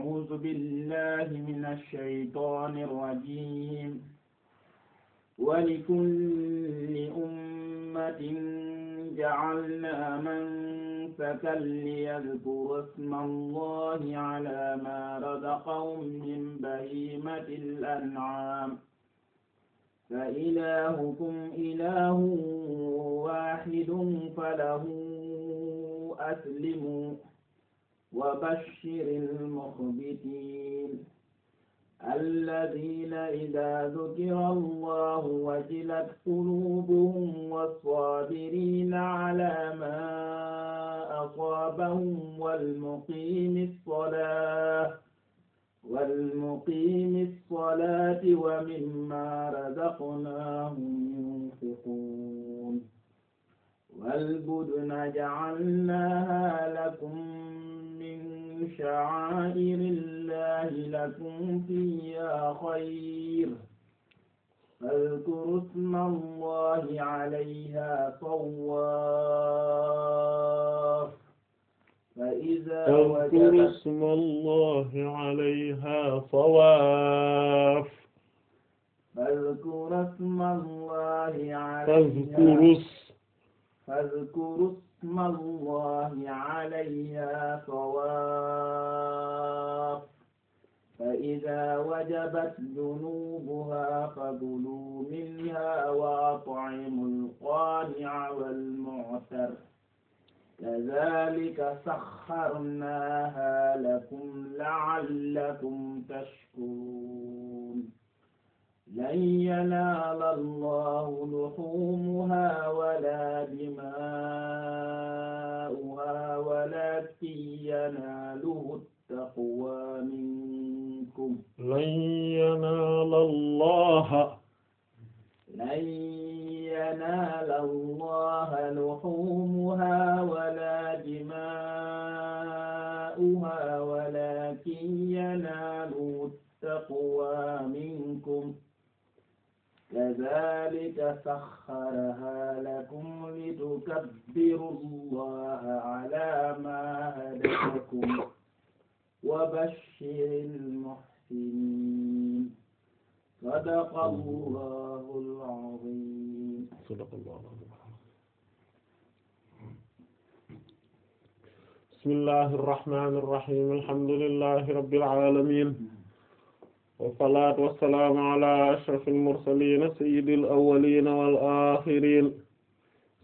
أعوذ بالله من الشيطان الرجيم ولكل أمة جعلنا منسكا ليذكروا اسم الله على ما رزقهم من بهيمة الأنعام فإلهكم إله واحد فله أسلموا وبشر المخبتين الذين إذا ذكر الله وجلت قلوبهم والصابرين على ما أصابهم والمقيم الصلاة والمقيم الصلاة ومما رزقناهم ينفقون والبدن جعلناها لكم من شعائر الله لكم فيها خير فاذكروا اسم الله عليها صواف فإذا وجبت اسم الله عليها صواف فاذكروا اسم الله عليها فاذكروا اسم الله عليها صواف وجبت ذنوبها فكلوا منها وأطعموا القانع والمعتر كذلك سخرناها لكم لعلكم تشكرون لن ينال الله لحومها ولا دماؤها ولكن يناله التقوى منكم lan yanaala allaha lan yanaala allaha luhumuha wala dimaa'uha walakin yanaalu taqwa minkum kazaalika saxxarahaa lakum litukabbiru llaaha alaa maa hadakum wa bashiril muhsiniin المحسنين صدق الله العظيم صدق الله العظيم بسم الله الرحمن الرحيم الحمد لله رب العالمين والصلاة والسلام على أشرف المرسلين سيد الأولين والآخرين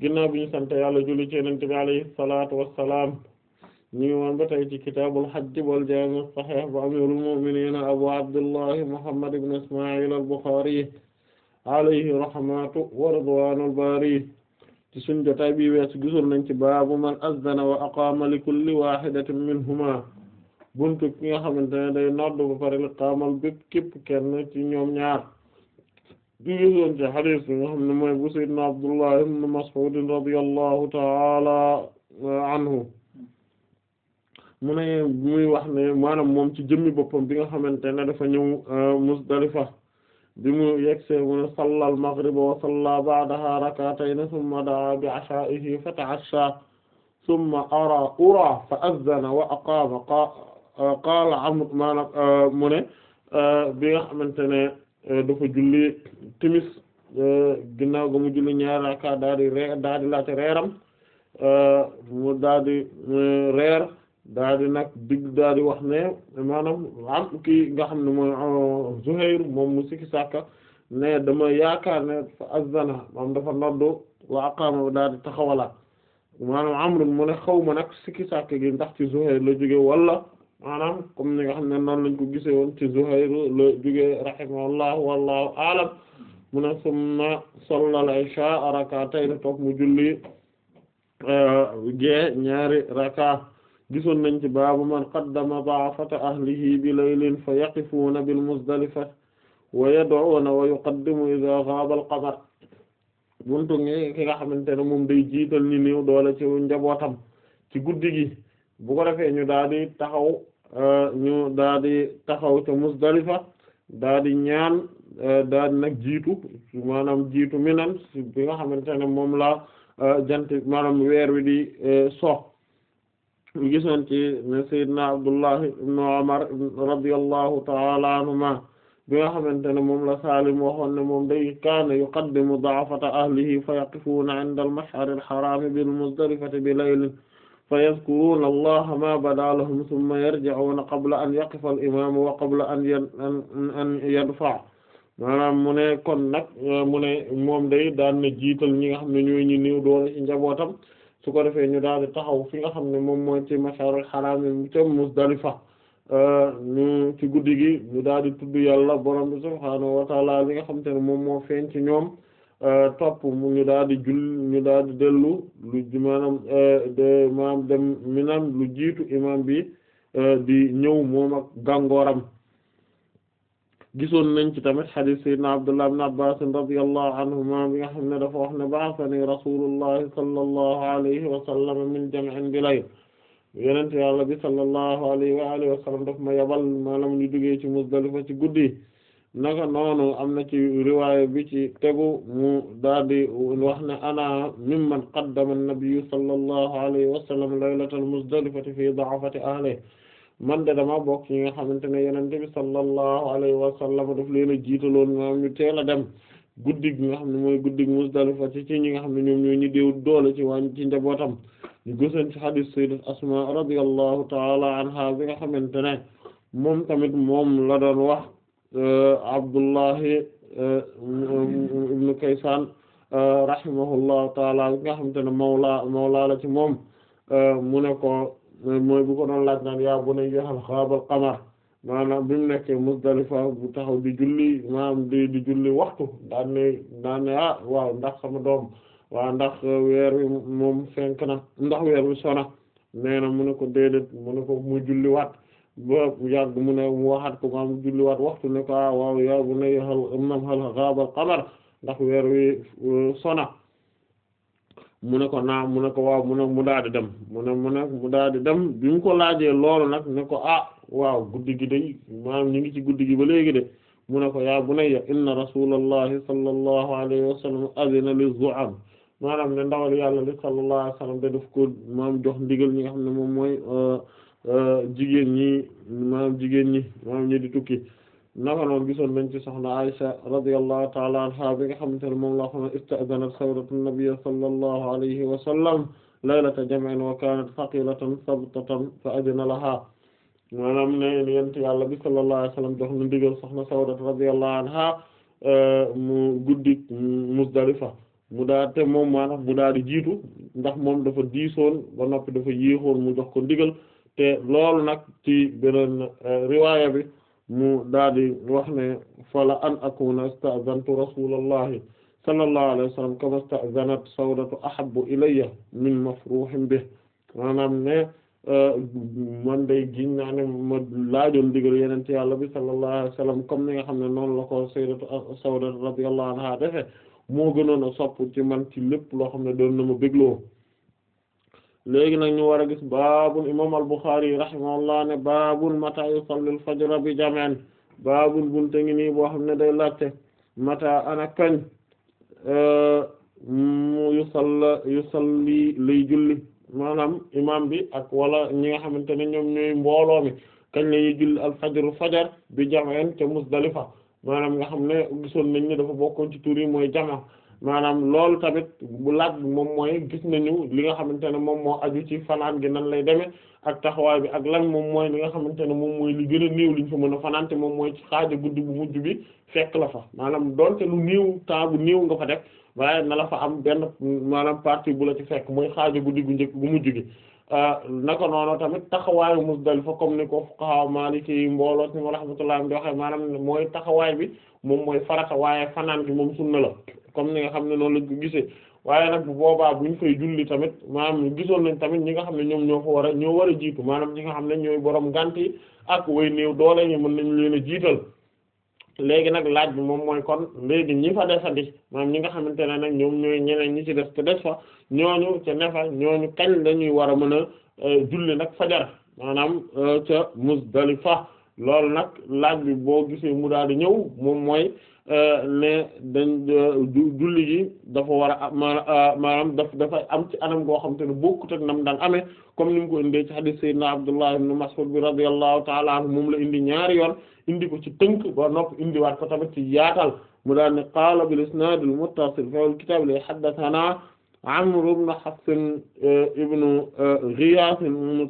ginnaaw bi ñu sant yàlla julli ci yonent bi alayhi salaatu wassalaam ñu ngi woon ba tey ci kitaabul hajj wal jaami' as-sahiih bu amiirul mu'miniin abu abdullahi muhammad ibn isma'il al-Bukhari alayhi rahmatu wa ridwaanul baari ci suñu jotaay bi weesu gisul nañ ci baabu man azdana wa aqaama li kulli waahidatin minhumaa buntu ki nga xamante ne day nodd ba pare li qaamal bépp képp kenn ci ñoom ñaar di gisante hadis bi nga xam ne mooy bu sayyidina Abdullah ibn Mas'ud radiyallahu ta'ala anhu mu ne muy wax ne maanaam moom ci jëmmi boppam bi nga xamante ne dafa ñëw euh, Muzdalifa bi mu yegsee mu ne salla al-maghrib wa salla ba'daha rak'atayn thumma da'a bi 'asha'ihi fata'asha thumma ara ura fa adhana wa aqama qala amr maanaam euh, mu ne euh, bi nga xamante ne Euh, dafa julli timis euh, ginnaaw ga mu julli ñaari rakka daal di reer daal laata reeram euh, mu daal di reer daal nag digg daal di wax ne maanam am kii nga xam ne mooy Zuhayr moom mu sikki sàkka ne dama yaakaar ne fa azana moom dafa noddu wa aqama daadi di taxawalaat maanaam amrun mu ne xaw ma nag sikki sàkk gi ndax ci Zuhayr la jóge walla maanaam comme ni nga xam ne noonu lañ ko gisee woon ci Zuhayr la jógee rahimahullahu wallahu aalam mu ne summa sallal isha rak'atayn toog mu julli euh, gee ñaari raka gisoon nañ ci baabu man qaddama da'afata ahlihi bi laylin fa yaqifuuna bil muzdalifa wa yad'uuna wa yuqaddimu idha ghaba al qamar buntu ngi ki nga xamante ne moom day jiital ñi néew doole ci njabootam ci guddi gi bu ko ñu daal di taxaw daadi euh, daal di taxaw ca daal di ñaan euh, daadi nag jiitu maanaam jiitu minan bi nga xamante ne moom la euh, jant maanaam weer wi di sox ñu gisoon ci ne Seydina Abdullahi ibn Umar radiyallahu ta'ala anhuma bi nga xamante ne moom la Saalim waxoon ne moom day kaana yuqaddimu da'afata ahlihi fa yaqifuuna 'inda al-mash'ari al-haraami bil-Muzdalifati bi laylin fa yazkuruuna allaha ma bada lahum thumma yarji'uuna qabla an yaqifa al imaamu wa qabla an an yadfa maanaam mu ne kon nag mu ne moom day daan na jiital ñi nga xam ne ñooy ñu néew doole ci njabootam su ko defee ñu daal di taxaw fi nga xam ne moom moo ci mashar xaraam yi ca Musdalifa ñu ci guddi gi ñu daal di tudd yàlla borom bi subhaanahu wa taala nga xam te ne moom moo feeñ ci ñoom Euh, topp mu ñu daal di jull ñu daal di dellu lu maanaam euh, de maanaam dem minam lu jiitu imam bi euh, di ñëw moom ak gàngooram gisoon nañ ci tamit hadith sayyidina Abdullah ibn Abbas radiyallahu anhuma bi nga xam ne dafa wax ne ba'athani rasulullahi sallallahu alayhi wa sallam min jam'in bilayl yonent yàlla bi sallallahu alayhi wa alihi wa sallam daf ma yabal maanaam ñu jógee ci Muzdalifa ci guddi naka noonu am na ci riwaaya bi ci tegu mu daldi wax ne ana mimman qaddama an-nabiy sallallahu alayhi wa sallam laylatal muzdalifati fi da'afati ahlihi man de dama bokk ci nga xamante ne yonent bi sallallahu alayhi wa sallam daf leen a jiitaloon maam ñu teel dem guddi gi nga xam ne mooy guddi gi Muzdalifa ci ñi nga xam ne ñoom ñoo ñu déew doole ci wàñ ci njabootam ñu gëseen ci hadith sayyidat Asma radiyallahu ta'ala anha bi nga xam xamante ne moom tamit moom la doon wax Abdullahi e, ibn Kaysan e, rahimahullahu taala nga xam te ne mawla mawla la ci moom e, mu ne ko mooy bu ko doon laaj yaa bunayya hal xaaba al qamar maanaam bi mu nekkee Muzdalifa bu taxaw di julli maanaam di di julli waxtu daan ne daan ne ah waaw ndax sama doom waaw ndax weer wi moom fenk na ndax weer wi sona nee mu ne ko déedéet mu ne ko mu julli waat ba yàgg mu ne mu waxaat ko ma mu julliwaat waxtu ne ko ah waaw yaa bunayya hal ghaaba al-qamar ndax weer wi euh, sona mu ne ko naam mu ne ko waaw mu ne mu daal di dem mu ne daal di dem bi mu ko laajee loolu nag ne ko ah waaw guddi gi day maanaam ñu ngi ci guddi gi ba léegi de mu ne ko yaa bunayya inna rasulallahi sallallahu alayhi wa sallam adina li zu'am maanaam ne ndawal yàlla li sallallahu alayhi wa sallam da def ko maam jox ndigal ñi xam ne moom mooy euh, Euh, jigéen ñi maanaam jigéen ñi maanaam ñi di tukki naka noonu gisoon nañ ci soxna Aisha radiyallahu ta'ala anha bi nga xamante ne moom la xam ista'zanat sawratu nabiyyi sallallahu so wa sallam laylata jam'in wa kanat thaqilatan sabtatan na adina laha maanaam ne yent yàlla bi sallallahu alayhi wa sallam jox na ndigal soxna sawratu radiyallahu anha euh, mu guddi Muzdalifa mu daal te moom maanaam mu daal di jiitu ndax moom dafa diisoon ba noppi dafa mu jox ko ndigal te loolu nag ci beneen eh, riwaaya bi mu daal di wax ne fala an akuna sta'zantu rasulallahi sallallahu alayhi wa sallam kama sta'zanat sawdatu ahabbu ilayya min mafruhin bih maanaam ne eh, man day giñ naa ne ma laajoon digal yeneen ci yàlla bi sallallahu alayhi wa sallam comme ni nga xam ne noonu la ko sayyidatu eh, sawdatu radiyallahu anha defe moo gënoon a sopp ci man ci lépp loo xam ne doon na ma bégloo léegi nag ñu war a gis baabul imam al-Bukhari rahimahullah ne baabul mata yusalli al-fajr bi jam'in baabul bunte ngi ni boo xam ne day laajte mata ana kañ mu yusalla yusalli lay julli maanaam imam bi ak wala ñi nga xamante ne ñoom ñooy mbooloo mi kañ lay julli al-fajr fajar bi jam'in te Musdalifa maanaam nga xam ne gisoon nañ ne dafa bokkoon ci yi mooy jama maanaam loolu tamit bu laaj bi moom mooy gis nañu li nga xamante ne moom moo aju ci fanaan gi nan lay deme ak taxawaay bi ak lan moom mooy li nga xamante ne moom mooy li gën a li ñu fa mën a fanaan moom mooy xaaja guddi bu mujj bi fekk la fa maanaam donte lu néew temps bu néew nga fa def waaye na la fa am benn maanaam partie bu la ci fekk mooy xaaja guddi gu njëkk gu mujj gi ah, naka noonu tamit taxawaayu Muzdalifa comme ni ko fuqaha Maliki mbooloo ci rahmatullah di waxee maanaam mooy taxawaay bi. moom mooy farata waaye fanaan gi moom sunna la comme ni nga xam ne noonu lañ ko gisee waaye nag bu boobaa ñu fay julli tamit maanaam gisoon nañ tamit ñi nga xam ne ñoom ñoo fa war a ñoo war a jiitu maanaam ñi nga xam ne ñooy borom ak way néew doole mën nañ leen a jiital léegi nag laaj bi moom mooy kon léegi ñi fa desandi maanaam ñi nga xamante ne nag ñoom ñooy ñeneen ñi ci def te des fa ñooñu ca nefa ñooñu kañ lañuy war a mën a euh, julli nag fajar maanaam euh, ca Muzdalifa loolu nag laaj bi boo gisee mu daal di ñëw moom mooy euh, ne dañ euh, julli gi dafa war a euh, maanaam daf dafay am ci anam goo xam te ne bokkut ak nam daan amee comme ni mu ko indee ci hadith sayyidina Abdullah ibn Mas'ud bi radiyallahu ta'ala anhu moom la indi ñaari yoon indi ko ci tënk ba nopp indiwaat ko tamit ci yaatal mu daal ne qaala bil isnaad al muttasil fil kitaab li haddathanaa Amr ibn Hafs ibn Ghiyath ibn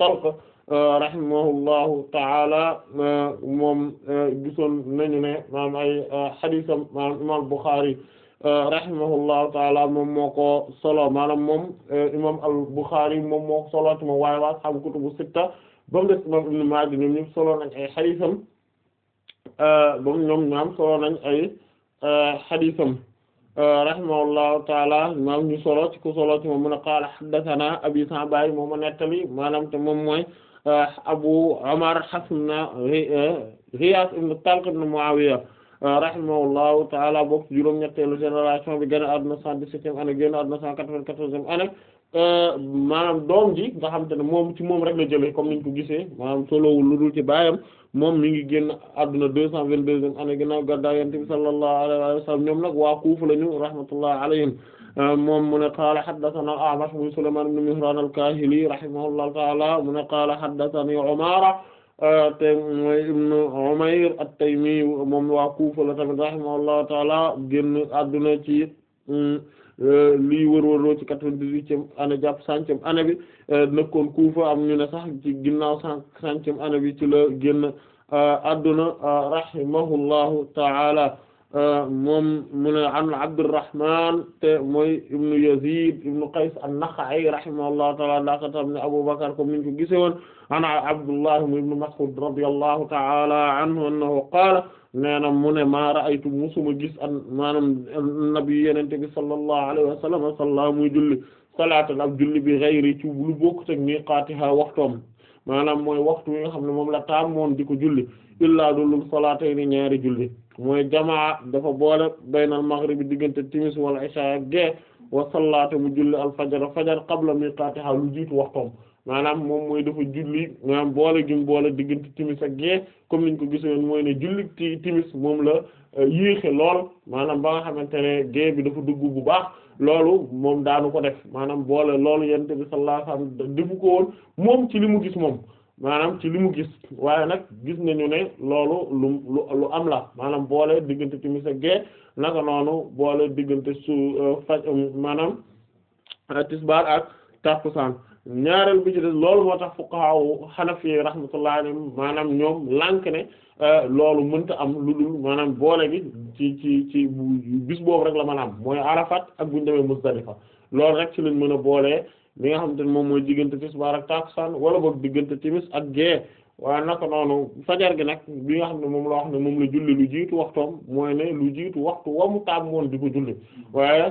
Talq rahimahullahu taala moom gisoon nañu ne maam ay xadiisam maam imaam Bukhari rahimahullahu taala moom moo ko solo maanaam moom imaam al Bukhari moom moo ko solo ci moom waaye waa xam kutubu sitta ba mu des imaam Ibn Maaja ñoom ñëpp solo nañ ay xadiisam ba ñoom ñoom maam ñu solo ci ku solo ci moom mun a qaala haddathana Abi Sa'ba moom a nettali maanaam te moom mooy. Abu Umar Hassan Ghiyaas ibn Talq ibn Muawiya rahimahullahu ta'ala bokk juróom-ñetteelu génération bi génn àdduna 117e année génn àdduna 194e année euh, maanaam doom ji nga xamante ne moom ci moom rek la jëlee comme niñ ko gisee maanaam solowul lu dul ci baayam moom mi ngi génn àdduna 222e année na gàddaay Yonent bi sallallahu alayhi wa sallam ñoom nag waa Kuufa lañu rahmatullahi alayhim moom mu ne qaala haddathana al-A'mash muy Sulaymaan ibn Mihraan al-Kaahili rahimahullahu ta'ala mu ne qaala haddathani Umaara te mooy ibn Umayr at-Taymi moom waa Kuufa la tamit rahimahullahu ta'ala génn àdduna ci mm, euh, lii wërwëroo ci quatre-vingt-dix-huitième année jàpp centième année bi euh, nekkoon Kuufa am ñu ne sax ci ginnaaw centième année bi ci la génn euh, àdduna rahimahullahu ta'ala moom mu ne an Abdurrahman te mooy ibnu Yazid ibnu Qays an-Nakha'i rahimahullahu ta'ala dakatam ne Abu Bakr comme niñ ko gise woon an Abdullah mu ibnu Mas'ud radiyallahu ta'ala anhu annahu qaala nee na mu ne ma ra'aytu musuma gis an maanaam nabi yenente bi sallallahu alayhi wa sallam salla muy julli salaatan ab julli bi ghayri ci lu bokk teg miqaatiha waxtoom maanaam mooy waxtu wi nga xam ne moom la taam moon di ko julli illaa dulul salaatayni ñaari julli mooy jamaa dafa boole baynal maghribi diggante timis wala isha ak gee wa sallaata mu julli al fajar fajar qabla miqaatiha lu jiitu waxtoom maanaam moom mooy dafa julli maanaam boole gi mu boole diggante timis ak gee comme ñu ko gisoon mooy ne julli ti timis moom la euh, yéexe lool maanaam ba nga xamante ne gee bi dafa dugg bu baax loolu moom daanu ko def maanaam boole loolu yonent bi sallallahu alayhi wasallam defu ko woon moom ci li mu gis moom maanaam ci li mu gis waaye nag gis nañu ne loolu lu lu am la maanaam boole diggante timis ak gee naka noonu boole diggante su euh, faj euh, maanaam euh, tisbaar ak tàkkusaan ñaareel bi ci des loolu moo tax fuqaha hanafi rahmatullah alayhim maanaam ñoom lànk ne loolu mënta am lu dul maanaam boole bi ci ci ci bis boobu rek la mën a am mooy Arafat ak bu ñu demee Muzdalifa loolu rek ci lañ mën a boolee li nga xamante ne moom mooy diggante tisbaar ak takusaan wala boog diggante timis ak gée waaye naka noonu fajar gi nag bi nga xam ne moom la wax ne moom la julli lu jiitu waxtoom mooy ne lu jiitu waxtu wa mu taam moon di ko julli waaye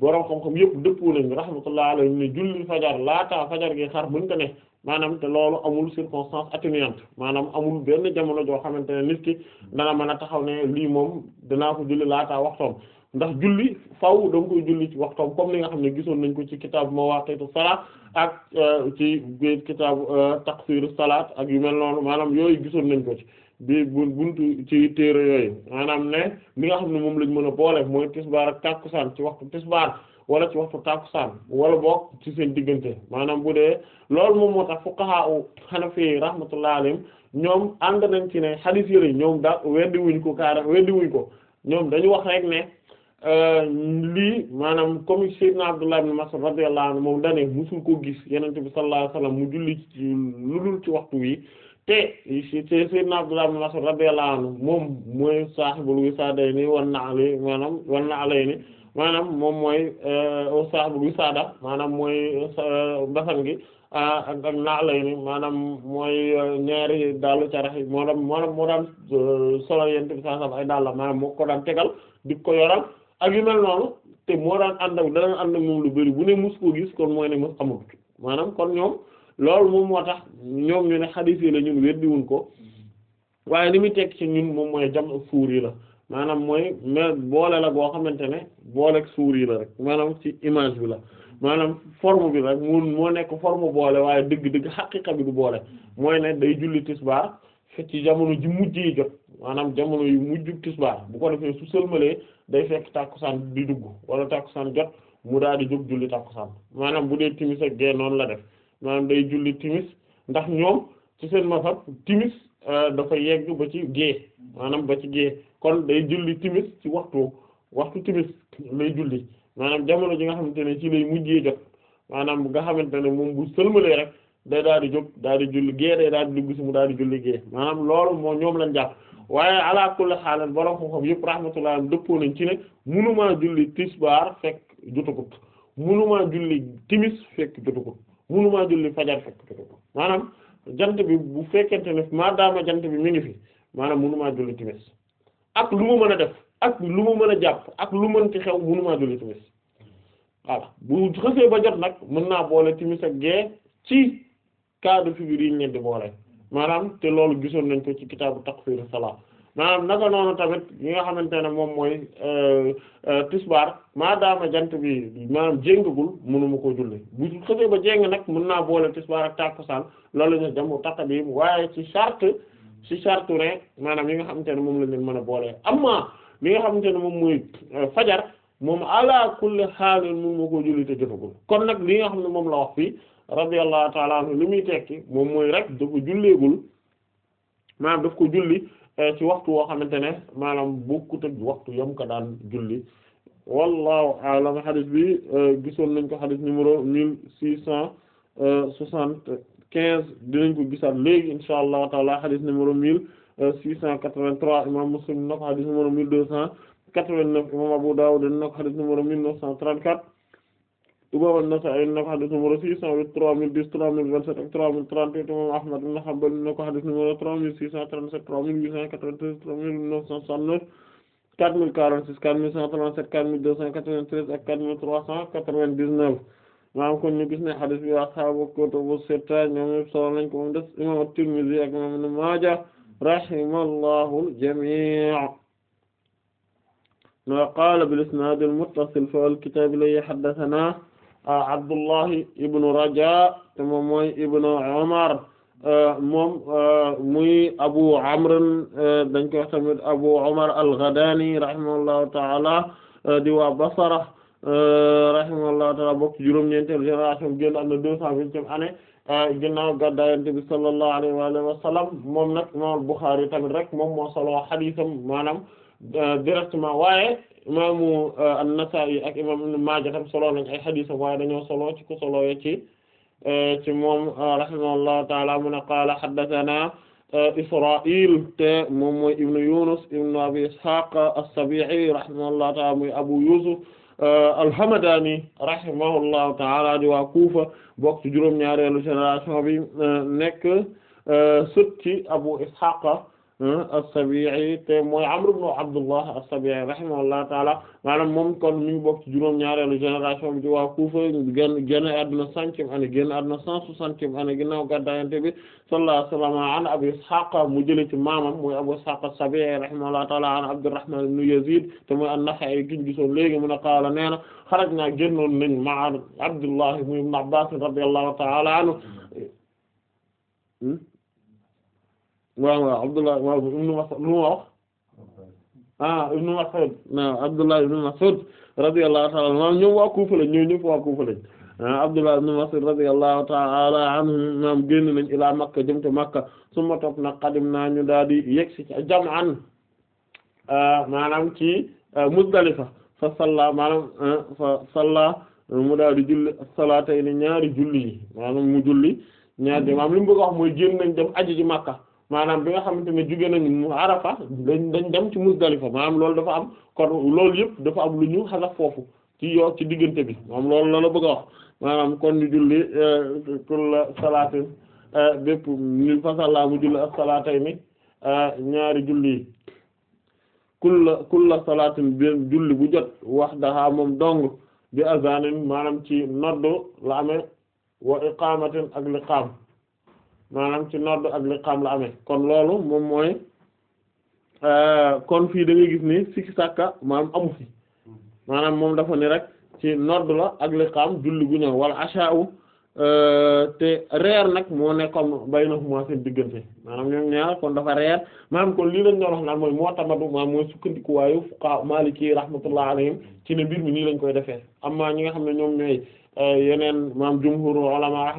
borom xam-xam yëpp dëppoo nañu rahmatullahi alayhi ne julli fajar laata fajar gi xar mënta ne maanaam te loolu amul circonstance atténuante maanaam amul benn jamono joo xamante ne nit ki dana mën a taxaw ne lii moom danaa ko julli laataa waxtoom ndax julli faw da nga koy julli ci waxtoom comme li nga xam ne gisoon nañ ko ci kitaabu mawaaqiitu salaat ak euh, ci biir kitaabu euh, taqsiiru salaat ak yu mel noonu maanaam yooyu gisoon nañ ko ci bi bu buntu ci téere yooyu maanaam ne li nga xam ne moom lañ mën a boole mooy tisbaar ak saan ci waxtu tisbaar wala ci waxtu saan wala boog ci seen diggante maanaam bu dee loolu moom moo tax fuqahaa u Hanafi rahmatullahi alayhim ñoom ànd nañ ci ne hadiis yi ñoom da weddi wuñ ko kaara weddi wuñ ko ñoom dañu wax Euh, lii maanaam comme Seydina Abdullah ibn Mas'ud radiyallahu anhu moom dane musul ko gis yenente bi sallallahu alayhi wasallam mu julli ci lu dul ci waxtu wi te Seydina Abdullah ibn Mas'ud radiyallahu anhu moom mooy sahibul wisaadayni wan na'layni maanaam wan na'layni maanaam moom mooy euh, sahibul wisaada maanaam mooy mbasan euh, gi ak ak maanaam mooy ñaari daalu carax yi moo daan moo daan moo daan solo yenente bi sallallahu daal la maanaam moo ko daan tegal di ko yoral ak yu mel noonu te moo daan ànd ak daan ànd moom lu bari bu ne mus koo gis kon mooy ne mos amul maanaam kon ñoom loolu moom moo tax ñoom ñu ne xadiis yi la ñun weddiwuñ ko waaye li muy teg ci ñun moom mooy jam ak la maanaam mooy mais boole la boo xamante ne boole suuri la rek maanaam ci image bi la maanaam form bi rek mun moo nekk forme boole waaye dëgg-dëgg xaqiqa bi du boole mooy ne day julli tisbaar ci jamono ji mujj yi jot maanaam jamono yu mujj tisbaar bu ko defee su day fekk tàkkusaan di dugg wala tàkkusaan jot mu daal di jóg julli tàkkusaan maanaam bu dee timis ak gee noonu la def maanaam day julli timis ndax ñoom ci seen mazhab timis euh, dafa yegg ba ci gee maanaam ba ci gee kon day julli timis ci waxtu waxtu timis lay julli maanaam jamono ji nga xamante ne ci lay mujjee jot maanaam nga xamante ne moom bu sëlmalee rek day daal di jóg daal di julli gee day daal di dugg si mu daal di julli gee maanaam loolu moo ñoom lañ jàpp waaye ala kulli xaalan borom xam-xam yëpp rahmatullah dëppoo nañ ci ne munumaa julli tisbaar fekk jotagut munumaa julli timis fekk jotagut munumaa julli fajar fekk jotagut maanaam jant bi bu fekkente ne maadaama jant bi mi fi maanaam munumaa julli timis ak lu ma mën a def ak lu ma mën a jàpp ak lu mënti xew munumaa julli timis voilà bu xësee ba jot nag mën naa boole timis ak gee ci cadre figure yi ñu leen di maanaam te loolu gisoon nañ ko ci kitaabu taqsir salat maanaam naka noonu tamit yi nga xamante ne moom mooy euh, euh, tisbaar maadaama jant bi maanaam jéngagul mënuma koo julli bu xësee ba jéng nag mën naa boole tisbaar ak tàkkusaan loolu ñu jamu taqdim waaye ci charte ci charte ne maanaam yi nga xamante ne moom la leen mën a boole amma li nga xamante ne moom mooy euh, fajar moom ala kulli xaalin mënuma koo julli te jotagul kon nag li nga xam ne moom la wax fii radiyallahu taala anhu li muy tekki moom mooy rek dafa julleegul maanaam daf ko julli eh, ci waxtu woo xamante ne maanaam bokkut ak waxtu yam ko daan julli wallahu a'lam hadith bi eh, gisoon nañ ko hadith numéro mille six cent soixante quinze dinañ ko gisaat léegi insha allah taala hadith numéro mille six cent quatre-vingt-trois imam muslim na ko hadith numéro mille deux cent quatre-vingt-neuf imam abu dawud na ko hadith numéro mille neuf cent trente-quatre Imaam an-Nasaa'i indi na ko xadis numéro six cent huit trois mille dix trois mille vingt-sept ak trois mille trente-huit Imaam Ahmad ibn Hanbal indi na ko xadis numéro trois mille six cent trente-sept trois mille huit cent quatre-vingt-treize trois mille neuf cent soixante-neuf quatre mille quarante-six quatre mille cent trente-sept quatre mille deux cent quatre-vingt-treize ak quatre mille trois cent quatre-vingt-dix-neuf maanaam kon ñu gis ne xadis bi ashaabu kutubu sitta ñoom ñépp solo nañ ko moom des Imaam at-Tirmidhi ak Imaam Ibn Maaja rahimallahu al-jamii' wa qaala bil-isnaad al-muttasil fil kitaabi li haddathanaa Euh, Abdullahi ibnu Raja te moom mooy ibnu Umar euh, moom euh, muy Abu Amr dañ koy wax tamit Abu Umar al-Ghadani rahimahullahu ta'ala di waa Basra rahimahullahu ta'ala bokk juróom-ñeenteelu génération génn am na deux cent vingtième année ginnaaw gàddaay Yonent bi sallallahu alayhi wa alihi wa sallam moom nag imaam Bukhari tamit rek moom moo solo xadiisam maanaam directement waaye imaamu uh, an-Nasaa'i ak imaam Ibn Maaja tam solo nañ ay xadiisam waaye dañoo solo ci ku solo ci uh, ci moom uh, rahimahullahu ta'ala mun qaala haddathanaa Israa'il te moom mooy ibnu Yunus ibnu Abi Ishaaq as-Sabii'i rahimahullahu ta'ala muy Abu Yuusuf al-Hamdaani rahimahullahu ta'ala di waa Kuufa bokk ci juróom-ñaareelu génération bi nekk sët ci Abu Ishaaq Hmm, as-Sabi'i te mooy Amr ibn Abdullah as-Sabi'i rahimahullah taala maanaam moom kon mi ngi bokk ci juróom-ñaareelu génération bi ci waa Kufa génn génn àdduna centième année génn àdduna cent soixantième année ginnaaw gàddaay Yonent bi sallallahu alayhi wa sallam an Abi Ishaq mu jëlee ci maamam mooy Abu Ishaq as-Sabi'i rahimahullah taala an Abdurrahman ibn Yazid te mooy an-Nakha'i giñ gisoon léegi mu ne qaala nee na xarajnaa génnoon nañ ma'a Abdullah ibn Abbas radiyallahu taala anhu hmm? waaw waaw Abdullah waaw ibnu Mas'ud lu ma wax ah ibnu Mas'ud waaw Abdullah ibnu Mas'ud radiyallahu ta'ala maam ñoom waa Kufa lañ ñoo ñëpp waa Kufa lañ ah, Abdullah ibn Mas'ud radiyallahu ta'ala anhu maam génn nañ ilaa Makka jëm te Makka suma topp nag xadim naa ñu daal di yegg si jam'an ah, maanaam ci ah, Muzdalifa fa salla maanaam fa salla mu daal di julli salaatayni ñaari julli yi maanaam mu julli ñaari maam li mu bëgg a wax mooy génn nañ dem aji ji Makka maanaam bi nga xamante ne jóge nañu Arafa dañ dañ dem ci Muzdalifa maanaam loolu dafa am kon loolu yëpp dafa am lu ñu xalaat foofu ci yoo ci diggante bi moom loolu la bëgg a wax maanaam kon ñu julli kulla euh, salaatin euh, bépp mu julli as-salaatayni euh, ñaari julli yi kulla kulla salaatin benn julli bu jot wahdaha moom dong bi azaanin maanaam ci noddu la amee wa iqaamatin ak liqaam maanaam ci nodd ak liqaam la amee kon loolu moom mooy euh, kon fii da ngay gis ni sikki sàkka maanaam amu fi maanaam moom dafa ni rek ci nodd la ak liqaam julli gu ñëw wala acha u euh, te reer nag moo nekkoon bay na huma seen diggante maanaam ñoom ñaar kon dafa reer maanaam kon lii lañ doon wax naan mooy mu'tamadu maanaam mooy sukkandikuwaayu fuqaha maliki rahmatullah ci ne mbir mi nii lañ koy defee amma ñi nga xam ne ñoom ñooy Euh, yeneen maam jumhur ulama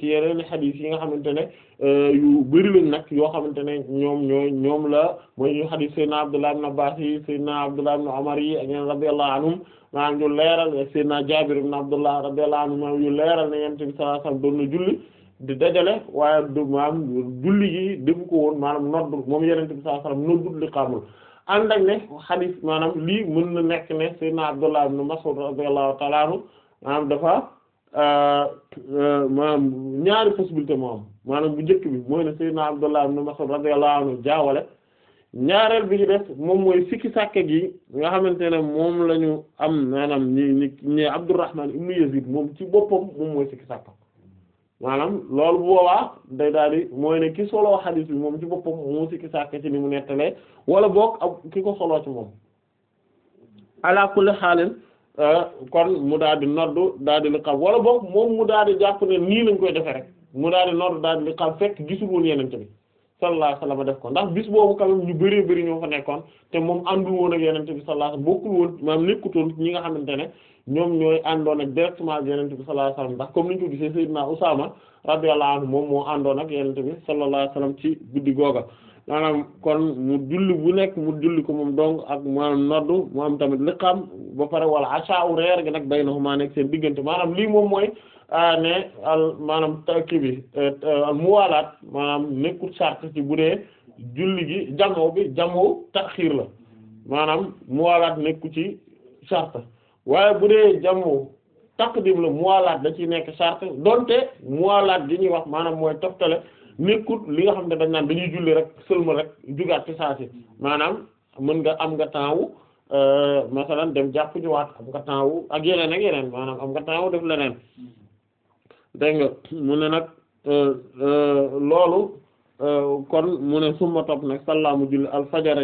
ci yeneen xadiis yi nga xamante ne euh, yu bari nag yoo xamante ne ñoom ñooy ñoom la mooy yu xadiis Seydina Abdullah ibn Abbas yi Seydina Abdullah ibn Umar yi ak ñeneen radiyallahu anhum maanaam ñu leeral Seydina Jaabir ibn Abdullah radiyallahu anhum maanaam ñu leeral ne Yonent bi sallallahu alayhi wasallam doon na julli di dajale waaye du maam julli gi defu ko woon maanaam noddu moom Yonent bi sallallahu alayhi wasallam noddul li xamul ànd ak ne xadiis maanaam lii mën na nekk ne Seydina Abdullah ibn Mas'ud radiyallahu ta'ala anhu maanaam dafa euh, euh, maanaam ñaari possibilité moo maanaam bu njëkk bi mooy ne Seydina Abdullah ibn Mas'ud radiyallahu anhu jaawale ñaareel bi ci def moom mooy sikki sàkke gi nga xamante ne moom la ñu am maanaam ñi ñi ñi Abdurrahman ibn Yazid moom ci boppam moom mooy sikki sàkk maanaam loolu bu boobaa day daal di mooy ne ki soloo xadiis bi moom ci boppam moo sikki sàkk ci ni mu nettalee wala boog ab ki ko soloo ci moom ala xaalin Ah, kon mu daal di noddu daal di li xam wala boog moom mu daal di jàpp ne nii lañ koy defee rek mu daal di noddu daal di li xam fekk gisul woon yenente bi sallallahu alayhi wasallam def ko ndax bis boobu quand même ñu bëree bëri ñoo fa nekkoon te moom àndul woon ak yenente bi sallallahu alayhi wasallam bokkul woon nekkutoon ñi nga xamante ne ñoom ñooy àndoon ak directement ak yenente bi sallallahu alayhi wasallam ndax comme ni ñu ko gisee Seydina Usaama radiyallahu anhu moom moo àndoon ak yenente bi sallallahu alayhi wasallam ci guddi googa maanaam kon mu julli bu nekk mu julli ko moom dong ak maanaam noddu mu am tamit liqam ba pare wala acha u reer gi nag bay na maa nekk seen diggante maanaam lii moom mooy ah, ne al maanaam takki bi eh, al maanaam nekkul sart ci bu dee julli gi jamoo bi jamoo taxiir la maanaam muwaalaat nekku ci sart waaye bu dee jamoo taqdim la muwaalaat da ci nekk sart donte muwaalaat gi ñuy wax maanaam mooy toftale nekkut li nga xam ne dañ naan dañuy julli rek sëlma rek jugaat ci saa si maanaam mën nga am nga temps wu euh, masalan dem jàpp ñu waat am nga temps ak yeneen ak yeneen maanaam am nga temps wu def leneen dégg nga mu ne nag euh, euh, loolu kon mu ne suma topp nag sallaamu julli alfajara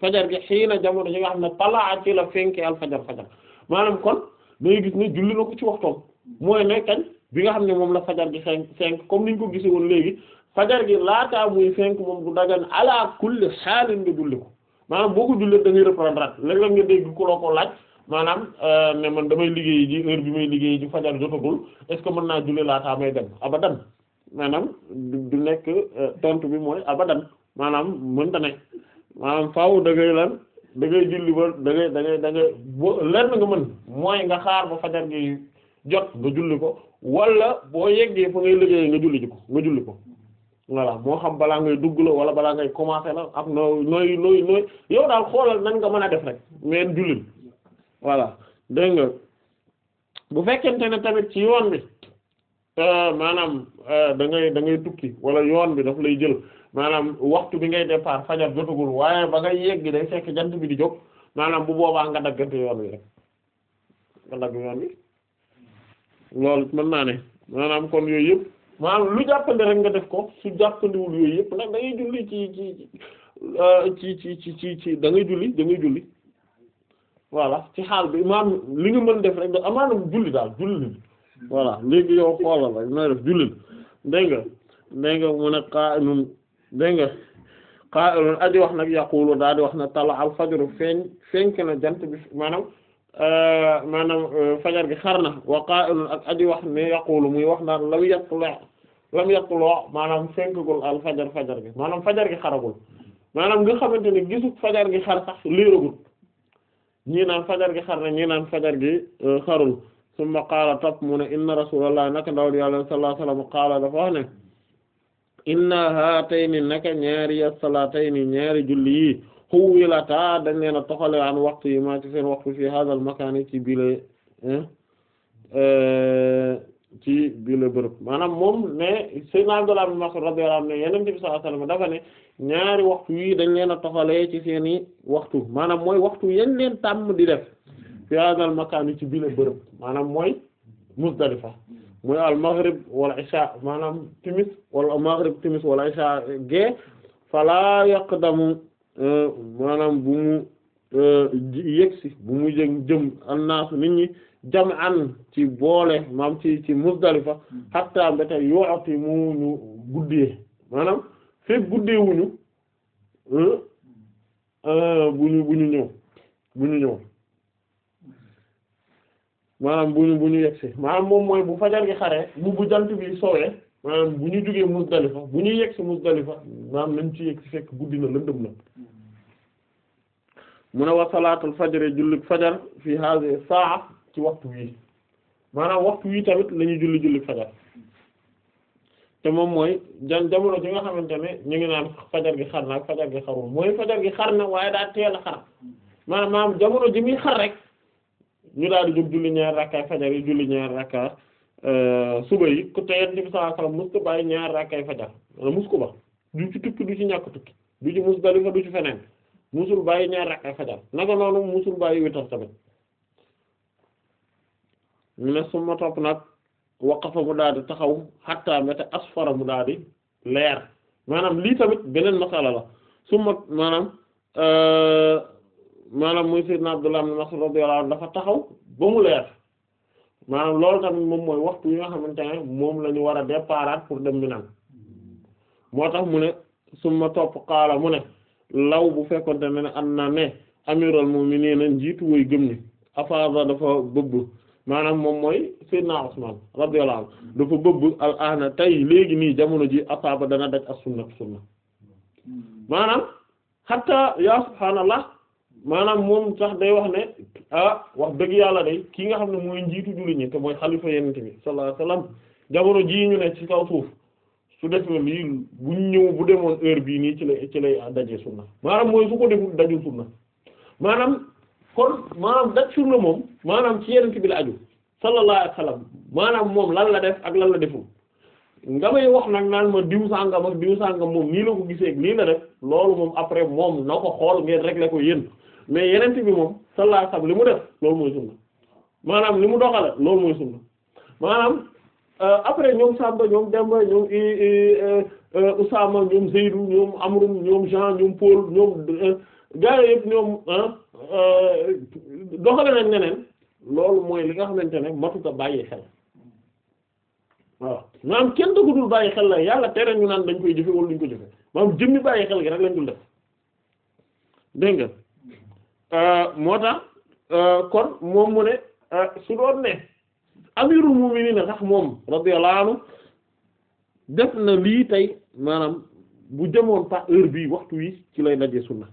fajar gi xiina jamono yi nga xam ne talaa ci la fenke alfajar fajar maanaam kon dañuy gis ne julli na ko ci waxtoom mooy ne kañ bi nga xam ne moom la fajar gi fenk fenk comme niñ ko gisee woon léegi fajar gi laataa muy fink moom du dagan ala kulli xaalin nga julli ko maanaam boo ko jullee da ngay reprendre at léeg-léeg nga dégg ku ko laaj maanaam euh, ne man damay liggéey ji heure bi may liggéey ji fajar jotagul est-ce que mën naa julli laataa may dem abadan maanaam du nekk euh, tont bi mooy abadan maanaam mënta ne maanaam faaw da ngay lan da ngay julli ba da ngay da ngay da ngay boo lenn nga mën mooy nga xaar ba fajar gi jot nga julli ko wala boo yeggee fa ngay nga julli ko nga julli ko voilà moo xam balaa ngay dugg la wala balaa ngay commencer la am nooy nooy nooy nooy yow daal xoolal nan nga mën a def rek ngeen jullit voilà dégg nga bu fekkente ne tamit ci yoon bi euh, maanaam euh, da ngay da ngay tukki wala yoon bi daf lay jël maanaam waxtu bi ngay départ fajar jotagul waaye ba ngay yegg day fekk jant bi di jóg maanaam bu boobaa nga daggante yoon bi rek nga dagg yoon bi loolu mën naa ne maanaam kon yooyu yëpp. maanaam lu jàppandi rek nga def ko su jàppandiwul yooyu yëpp nag da ngay julli euh, ci ci ci ci ci ci ci da ngay julli da julli voilà ci xaal bi maanaam li nga mën def rek da amaanam julli daal julli voilà léegi yow xoolal rek nooy def julli dégg nga dégg nga nga qa'ilun wax nag yaqulu daal di wax na tala al fajru feeñ fenk na jant bi maanaam euh, maanaam euh, fajar gi xar na wa qa'ilun ak aji wax ne yaqulu muy wax naan law yaqla lam yaquloo maanaam fenkagul al fajar fajar gi maanaam fajar gi xaragul maanaam nga xamante ne gisul fajar gi xar sax liiragul ñii naan fajar gi xar na ñii naan fajar gi euh, xarul summa qaala topp mu ne inna rasulullah naka ndawal yàlla sallallahu alayhi wasallam qaala dafa wax ne inna haatayni naka ñaari as-salatayni ñaari julli yi xuwilata dañ leen a toxale an waxtu yi maa ci seen waxtu fi hadha al makaan ci bile ci bi la bërëb maanaam moom ne sayyidna Abdullah ibn Mas'ud radiyallahu anhu ne Yonent bi sallallahu alayhi wasallam dafa ne ñaari waxtu yi dañ leen a toxalee ci seeni waxtu maanaam mooy waxtu yan leen tàmm di def fi hadal makaan ci bi la bërëb maanaam mooy Muzdalifa mooy al maghrib wal isha maanaam timis wala maghrib timis wala isha gee fala yaqdamu euh, maanaam bu mu euh, yegsi bu mu jëm jëm annaasu nit ñi jam'an ci boole maam ci ci Muzdalifa hatta mbéta yooti mu ñu guddee maanaam fekk guddee wuñu euh, buñu bu ñu ñëw bu ñu ñëw maanaam buñu bu ñu yegsi maanaam moom mooy bu fajar gi xaree bu bu jant bi soowee maanaam bu ñu jógee Muzdalifa bu ñuy yegsi Muzdalifa maanaam nañ ci yegsi fekk guddi na lëndëm na mu ne wa salaatul fajr fajar fi hadhihi sa'a ci waxtu wii maanaam waxtu wii tamit la ñuy julli julli fajar te moom mooy jan jamono ji nga xamante ne ñu ngi naan fajar gi xar na ak fajar gi xarul mooy fajar gi xar na waaye daa teel a xar maanaam maanaam jamono ji muy xar rek ñu daal julli ñaar rakkaay fajar yi julli ñaar rakkaay euh, suba yi ku teyet ci bi mus ko bàyyi ñaar rakkaay fajar wala mus ko ba du ci tukki du ci ñàkk tukki du ci Musdalifa du ci feneen musul bàyyi ñaar rakkaay fajar naka noonu musul bàyyi witar tamit mu ne suma topp nag waqafa mu daal taxaw xattaa mbéte asfara mu daal leer maanaam lii tamit beneen masala la suma maanaam euh, maanaam muy sayyidna Abdullah ibn Mas'ud radiyallahu anhu dafa taxaw ba mu leer maanaam loolu tamit moom mooy waxtu yi nga xamante ne moom lañu ñu war a départ pour dem Mina moo tax mu ne suma topp xaala mu ne law bu fekkonte ne ne am na ne amirul mu'minin njiitu woy gëm ni afaasa dafa bëgg maanaam moom mooy Seydina Usmaan radiyallahu anhu dafa bëgg al ahna léegi nii jamono ji asaaba dana daj as sunna sunna maanaam xatta yaa subhaanallah maanaam moom sax day wax ne ah wax dëgg yàlla day ki nga xam ne mooy njiitu jullit ñi te mooy xalifa yenent bi sallallahu alayhi wasallam jamono jii ñu ne ci kaw suuf su defee lii bu ñëw bu demoon heure bii nii ci lay ci lay dajee sunna maanaam mooy su ko deful dajul sunna maanaam kon maanaam dak sur la moom maanaam ci yenent bi la aju sallallahu alayhi maanaam moom lan la def ak lan la deful nga may wax nag naan ma diw sàngam ak diw sàngam moom nii la ko gisee nii la def loolu moom après moom na ko xool ngeen rek la ko yéen mais yenent bi moom sallallahu alayhi li mu def loolu mooy sunna maanaam li mu doxale loolu mooy sunna maanaam euh, après ñoom Samba ñoom Demba ñoom euh, euh, Usama ñoom Zeydu ñoom Amrum ñoom Jean ñoom Paul ñoom gaa yëpp ñoom ah, ah, doxale nañ neneen loolu mooy li nga xamante ne matuta bàyyi xel waaw maanaam kenn da bàyyi xel la yàlla tere ñu naan dañ koy jëfe wala duñ ko jëfe maanaam jëmmi bàyyi xel gi rek lañ dul def dégg nga ah, moo tax kon moom mu ne su doon ne amirul mu'minin sax moom radiyallahu def na lii tey maanaam bu jëmoon pas heure bii waxtu wi ci lay dajee sunna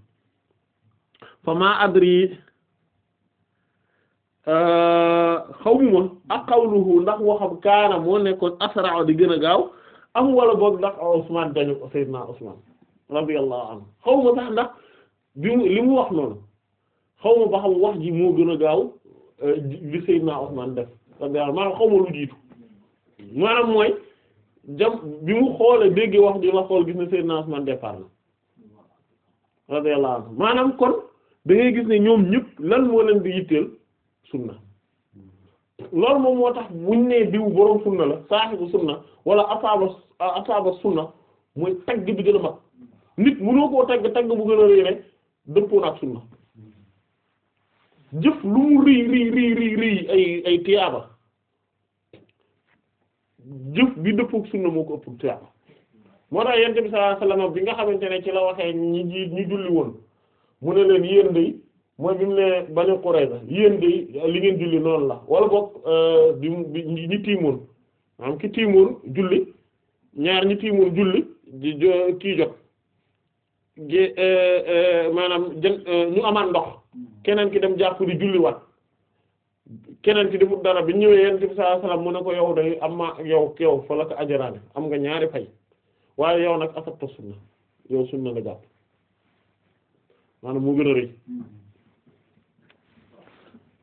fa ma adri euh, xawma ak qawluhu ndax waxam kaana moo nekkoon asra di gën a gaaw am wala boog ndax Usmaan dañu ko Seydina Usmaan radiyallahu anhu xawma sax ndax bi mu li mu wax noonu xawma ba xam wax ji moo gën a gaaw euh, li Seydina bi mu xoolee dégg wax ji Usmaan départ na radiyallahu anhu kon dangay ngay gis ne ñoom ñépp lan moo leen di yitteel sunna loolu moom moo tax buñ ne diw boroom sunna la saaxibu sunna wala asaaba asaaba sunna mooy tagg bi gën a mag nit mënoo koo tagg tagg bu gën a rëy rek dëppoon ak sunna jëf lu mu rëy rëy rëy rëy ay ay tiyaaba jëf bi dëppook sunna moo ko ëpp tiyaaba moo tax yonent bi sallallahu alayhi wasallam bi nga xamante ne ci la waxee ñi ji ñi julli woon mu ne leen yéen de mooy bi mu ne Banu Qurayza yéen de li ngeen julli noonu la wala boog euh, bi ñi tiimoon ki tiimoon julli ñaar ñi tiimoon julli kii jot gi euh, euh, ñu amaat ndox keneen ki dem jàpp di julliwaat keneen ki defut dara bi ñëwee yonent bi mu ne ko yow day am ma yow yow fa la ko ajaraane am nga ñaari fay waaye yow nag asabta sunna yow sunna la jàpp. maanaam moo gën a rëy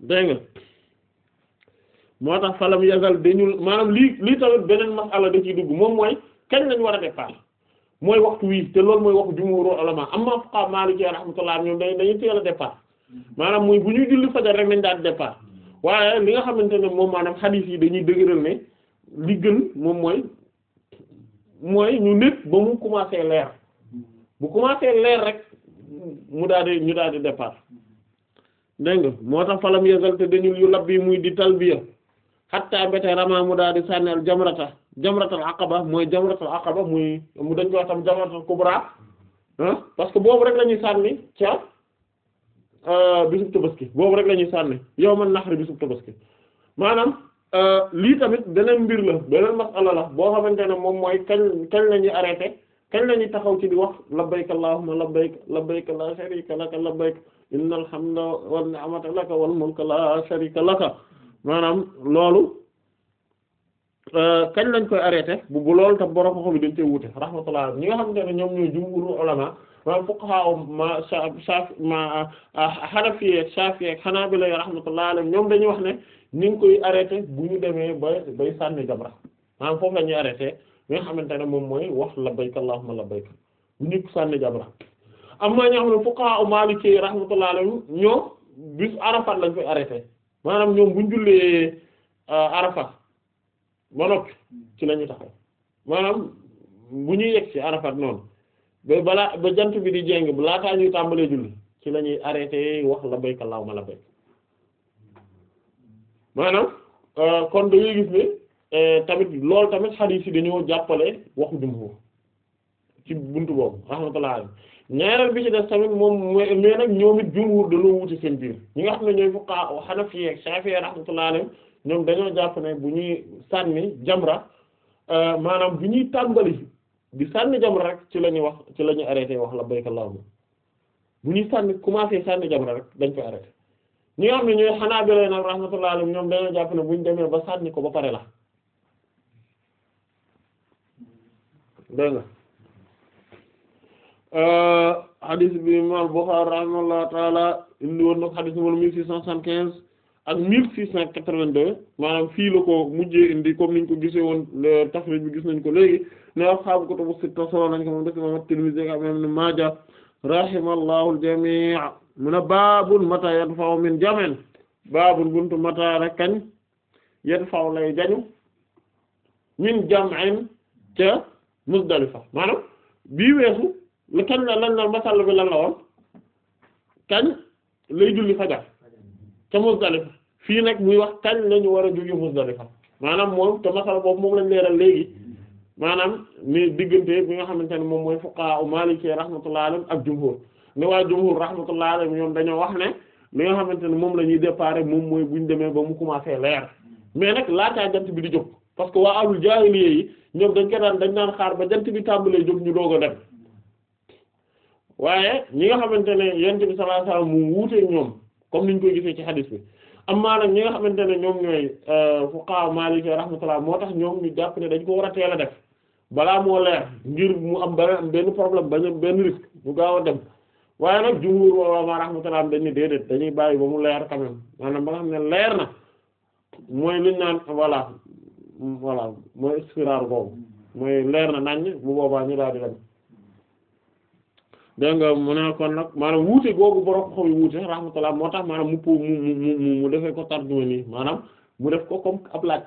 dégg nga moo tax falam yazal dañul maanaam lii lii tamit beneen masala da ciy dugg moom mooy kañ lañ war a départ mooy waxtu wii te loolu mooy waxtu jumhurul ulama amma fuqaha maliki rahmatullah ñoom dañuy dañuy teel a départ maanaam mooy bu ñuy julli fajar rek nañ daal départ waaye li nga xamante ne moom maanaam xadiis yi dañuy dëgëral ne li gën moom mooy mooy ñu nit ba mu commencé leer bu commencé leer rek mu daal ñu daal di départ nga moo tax falam yëgal te dañu yu labbi muy di talbiya hatta mbete rama mu daal di sànni al jamrata jamratal aqaba mooy jamratal aqaba muy mu dañ ko wax tam jamratal kubra ah, parce que boobu rek lañuy ñuy sànni ca euh, bisub tabaski boobu rek lañuy ñuy sànni yow man naxari bisub tabaski maanaam euh, lii tamit beneen mbir la beneen masala la boo xamante ne moom mooy kañ kañ la ñuy arrêté kañ la ñuy taxaw ci di wax labbayk allahumma labbayk labbayk la sharika laka labbayk innal hamda wan ni'mata laka wal mulka la sharika laka maanaam loolu euh, kañ lañ koy arrêté bu bu loolu tam borom xam-xam yi dañ cee wuute rahmatullah ñi nga xamante ne ñoom ñooy jumhuru ulama maanaam fuqaha ma saf ma ah, hanafi ak shafi ak hanabila rahmatullah alayhim ñoom dañuy wax ne ñu koy arrêté bu ñu demee ba bay sànni jabra maanaam foofu la ñuy li nga xamante ne moom mooy wax labbayka allahumma labbayka bu ñëpp sànni jamra am na ñoo xam ne fuqaha u maliki rahmatullahi alayhim ñoom bis arafat lañ fay maanaam ñoom buñ jullee euh, arafat ba noppi ci la ñu bu ñuy yegg ci arafat noonu ba balaa ba jant bi di jéng laataa ñuy tàmbalee julli ci la ñuy wax labbayka allahumma labbayka maanaam euh, kon dañuy gis ne Euh, tamit loolu tamit xadiis yi dañoo jàppale waxu jumhur ci buntu boobu rahmatullah ñaareel bi ci des tamit moom mooy mais nag ñoom it jumhur dañoo wuti seen biir ñi nga xam ne ñooy fuqaha Hanafi ak Shafi'i rahmatullah ñoom dañoo jàpp ne bu ñuy sànni jamra euh, maanaam bu ñuy tàmbali di sànni jamra rek ci la ñuy wax ci la ñuy arrêté wax labbayka allahumma bu ñuy sànni commencé sànni jamra rek dañ koy arrêté ñi nga xam ne ñooy Hanaabila nag rahmatullah ñoom dañoo jàpp ne bu ñu demee ba sànni ko ba pare la dégg nga euh, hadith bi imam Bukhari rahimahullahu taala indi woon na ko hadith mille six cent soixante-quinze ak mille six cent quatre-vingt-deux maanaam fii la ko mujjee indi comme niñ ko gisee woon taxrij bi gis nañ ko léegi ne ashaabu kutubu sitta solo nañ ko moom def imam Tirmidhi ak Maaja rahimallahu jamii mun a baabul mata yadfa'u min jamen baabul buntu mata rek kañ yadfa'u lay jañu min jam'in ca Muzdalifa maanaam bii weesu lu kañ la lan la masal bi lan la woon kañ lay julli fajar ca Muzdalifa fii nag muy wax kañ lañu war a jóge Muzdalifa maanaam moom te masal boobu moom lañ leeral léegi maanaam ni diggante bi nga xamante ne moom mooy fuqaha u Maliki rahmatullahi alayhim ak jumhur ne waa jumhur rahmatullahi alayhim ñoom dañoo wax ne mi nga xamante ne moom la ñuy déparé moom mooy buñ demee ba mu commencé leer mais nag laataa jant bi di jóg parce que waa alul jaahiliyya ñoom dañ ko daan dañ naan xaar ba jant bi tàmbalee jóg ñu doog a dem waaye ñi nga xamante ne yent bi sallallahu alayhi wasallam mu wuuteeg ñoom comme niñ koy gisee ci xadis bi amma nag ñi nga xamante ne ñoom ñooy euh, fuqaha maliki rahmatullah moo tax ñoom ñu jàpp ne dañ ko war a teela a def balaa moo leer ngir mu am benn benn problème bañ benn risque mu gaaw a dem waaye nag jumhur wama rahmatullah dañ ne déedéet dañuy bàyyi ba mu leer quand même maanaam ba nga xam ne leer na mooy liñ naan voilà voilà mooy istiraar boobu mooy leer na naññ bu boobaa ñu daal di dem nga mu ne kon nag maanaam wuute googu borom xam yi wuute moo tax maanaam mu mu mu mu ko tarjuma nii maanaam mu def ko comme ab laaj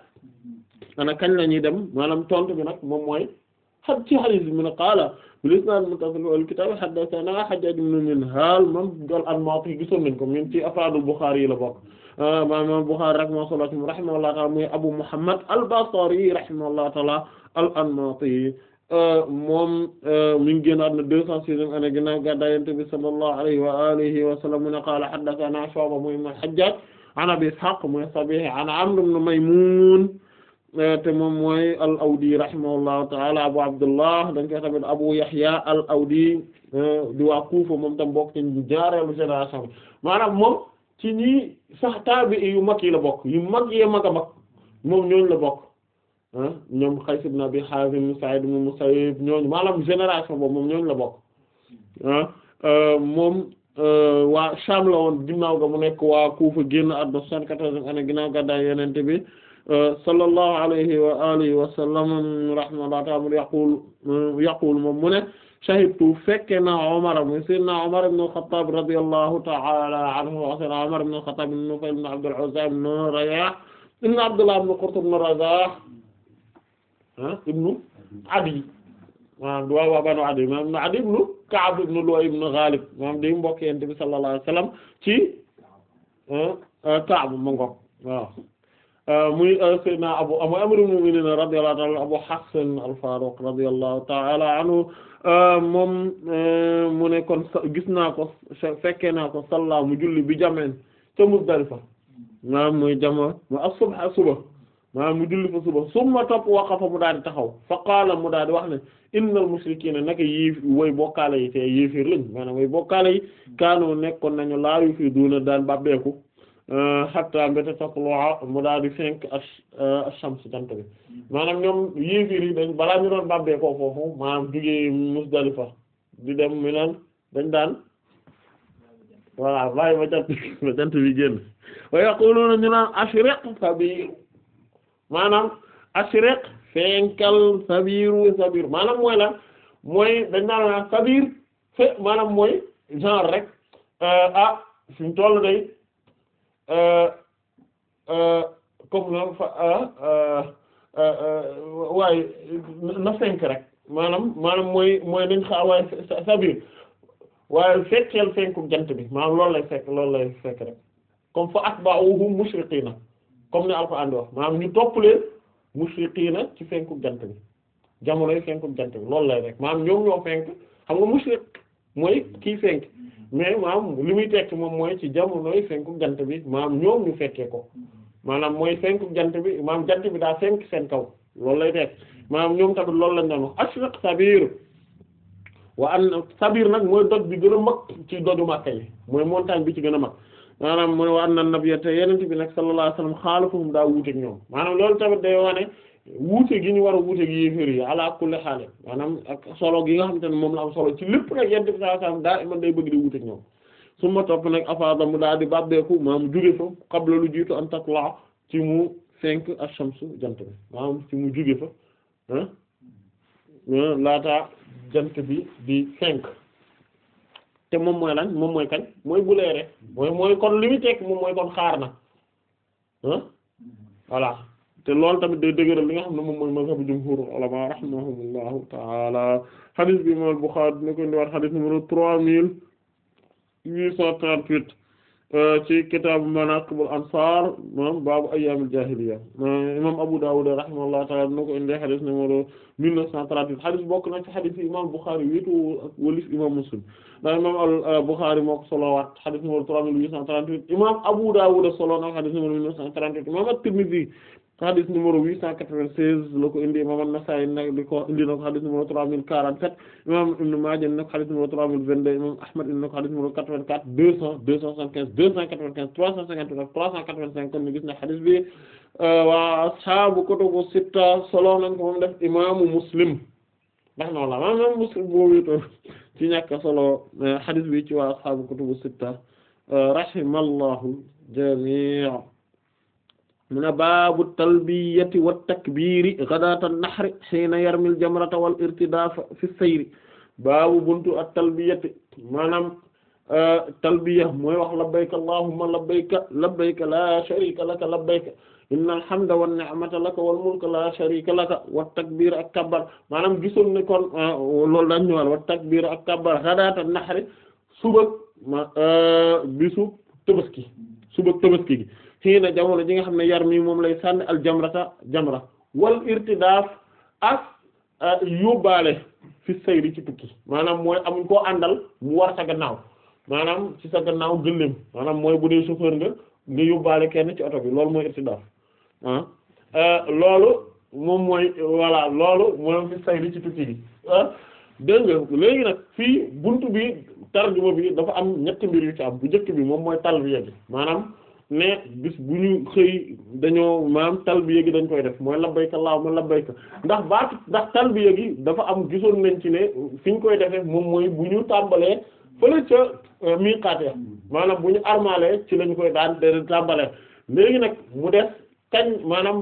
ana kañ la ñuy dem maanaam tontu bi nag moom mooy xaj ci xalis bi mu ne qaala bil isnaad muttasil wal a haddathanaa Hajjaaj ibn Minhaal moom jol an maa yi gisoon nañ ko min ci afraadul Buxaari yi la bokk Euh, imam Bukhari rahimahullah rahimahullah taala muy Abu Muhammad al-Basri rahimahullah taala al-Anmati euh, moom euh, mi ngi génn àdduna deux cent sixième année ginnaaw gàddaay Yonent bi sallallahu alayhi wa alihi wa sallam mu ne qaala haddathana Shu'ba muy al-Hajjaj an Abi Ishaq muy Sabih an Amr ibn Maymun te moom mooy al-Awdi rahimahullahu ta'ala Abu Abdullah dañ koy tamit Abu Yahya al-Awdi di waa Kufa moom tam bokk ci jaareelu génération bi maanaam moom ci ñi sax taabi'i yu mag yi la bokk yu mag yee mag a mag moom ñooñu la bokk ah ñoom Qays ibn Abi Hazim Sa'id ibn Musayyib ñooñu maanaam génération boobu moom ñooñu la bokk ah euh, moom euh, waa Sham la woon ginnaaw ga mu nekk waa Kufa génn àdduna soixante-quatorzième année ginnaaw gàddaay Yonent bi euh, sallallahu alayhi wa alihi wa sallam rahimahullahu yaqul yaqul moom mu ne shahidtu fekke na Umar ibn sayyidina Umar ibn al-Khattab radiyallahu ta'ala anhu wa sayyidina Umar ibn al-Khattab ibn Nufayl ibn Abd al-Uzza ibn Rayah ibn Abdullah ibn Qurt ibn Razah ah, ibn Adi maanaam duwaa waa Banu Adi maanaam ibn Adi ibn Ka'b ibn Lu'ay ibn Ghalib maanaam day mbokk Yonent bi sallallahu alayhi wa sallam ci ah, Ka'b mu ngoog waaw Euh, muy euh, sayyidina abu abu amr ibn mu'minin radiyallahu ta'ala abu hasan al-faruq radiyallahu ta'ala anhu euh, moom mu nekkoon gis naa ko fekke naa ko salla mu julli bi jameen ca Muzdalifa maanaam muy jama mu as-subha suba maanaam mu julli fa suba summa topp waqafa mu daal di taxaw fa qaala mu daal di wax ne innal mushrikiina naka yii woy bokkaale yi te yéeféer lañ maanaam woy bokkaale yi kaanu nekkoon nañu laa yufiiduuna daan bàbbeeku Euh, hatta mbéta tatlu'a mu daal di fenk ash-shams euh, jant bi mm. maanaam ñoom yéefir dañ balaa ñu doon bàbbee ko foofu maanaam jugee Musdalifa di dem mi naan dañ daan voilà bàyyi ba jant ba jant bi génn wa yaquluna ñu naan ashriq sabir maanaam ashriq fenkal sabiru sabir maanaam mooy la mooy dañ naan sabir fe maanaam mooy genre rek euh, ah fi mu toll day Euh, euh, comme loolu fa ah, ah, ah, euh, waaye na fenk rek maanaam maanaam mooy mooy nañ xaa waaye sa biir waaye fekkeel fenku jant bi maanaam loolu lay fekk loolu lay fekk rek comme fa atba'uhum mushriqina comme ni Alxuraan wax maanaam ñu topp leen mushriqina ci fenku jant bi jamonoy fenku jant bi loolu lay rek maanaam ñoom ñoo fenk xam nga mushriq mooy kii fenk mais maam li muy tekki moom mooy ci jamonoy fenku jant bi maam ñoom ñu fekkee ko maanaam mooy fenku jant bi maam jant bi daa fenk seen kaw loolu lay tekk maanaam ñoom tamit lool lañ doon wax ashriq sabir wa an sabir nag mooy doj bi gën a mag ci doju Makka yi mooy montagne bi ci gën a mag maanaam mooy wa an na nabiyata yenente bi nag sallallahu alayhi wasallam xaalafahum daa wuuteeg ñoom maanaam loolu tamit day wane wuute gi ñu war a wuute gi yéeféer yi ala kulli xaal maanaam ak solo gi nga xamante ne moom la am solo ci lépp nag yent bi sallallahu alayhi wasallam daa iman day bëgg di wuute ñoom su ma topp nag afada mu daal di bàbbeeku maam jóge fa qabla lu jiitu an tatla ci mu fenk ash-shamsu jant bi maanaam ci mu jóge fa ah laata jant bi di fenk te moom mooy lan moom mooy kañ mooy bu leere mooy mooy kon li mu tekk moom mooy kon xaar na ah voilà te loolu tamit day dëgëral li nga xam ne moom mooy mazhabu jumhur ulama rahimahumullahu taala hadith bi imam Bukhari dina ko indiwaat hadith numéro trois mille huit cent trente-huit euh, ci kitaabu manaqibul ansar mam baabu ayyamil jahiliya imam Abu Dawud rahimahullahu taala dina ko indi hadith numéro mille neuf cent trente-huit hadith bokk na ci hadith yi imam Bukhari wéetu ak walif imam Muslim ndax imam al-Bukhari euh, moo ko solowaat hadith numéro trois mille huit cent trente-huit imam Abu Dawud solo na hadith numéro mille neuf cent trente-huit imam at-Tirmidhi xadis numéro huit cent quatre-vingt-seize la ko indi imam An-Nasa'i nag di ko indi na ko xadis numéro trois mille quarante-sept imam Ibn Maaja na ko xadis numéro trois mille vingt-deux imam Ahmad indi na ko xadis numéro quatre-vingt-quatre deux cent deux cent soixante-quinze deux cent quatre-vingt-quinze trois cent cinquante-neuf trois cent quatre-vingt-cinq kon ñu gis na xadis bi euh, waa ashaabu kutubu sitta solo nañ ko moom def imaamu Muslim rahimahullah imam Muslim boo wéetoo ci ñàkk solo xadis euh, bi ci waa ashaabu kutubu sitta euh, rahimallahu jamii'a mu ne baabu talbiyati wa takbiiri ghadata nahri hina yarmil jamrata wal irtidaa fi sayri baabu buntu at talbiyati maanaam euh, talbiya mooy wax labbayka allahumma labbayka labbayka laa sharika laka labbayka innal hamda wan ni'mata laka wal mulka laa sharika laka wat takbir ak kabbar maanaam gisoon ne kon euh, loolu dañ ñëwal wat takbir ak kabbar ghadata nahri suba ma euh, bisub tabaski suba tabaski gi xiina jamono ji nga xam ne yar mi moom lay sànni al jamrata jamra wal irtidaaf ak euh, yóbbaale fi sayri ci tukki maanaam mooy amuñ koo àndal mu war sa gannaaw maanaam ci sa gannaaw gëléem maanaam mooy bu dee chauffeur nga nga yóbbaale kenn ci oto bi loolu mooy irtidaaf ah euh, loolu moom mooy voilà loolu mooy fi sayri ci tukki bi ah nga léegi nag fii buntu bi tarjuma bi dafa am ñetti mbir yu ci am bu njëkk bi moom mooy talbiya bi maanaam ne bis bu ñu xëy dañoo maanaam talbiya gi dañ koy def mooy labbayka allahumma labbayka ndax baat ndax talbiya gi dafa am gisoon nañ ci ne fi ñu koy defee moom mooy bu ñu tàmbalee fële ca euh, miiqaat ya maanaam bu ñu armaalee ci lañu koy daan de tàmbalee léegi nag mu def kañ maanaam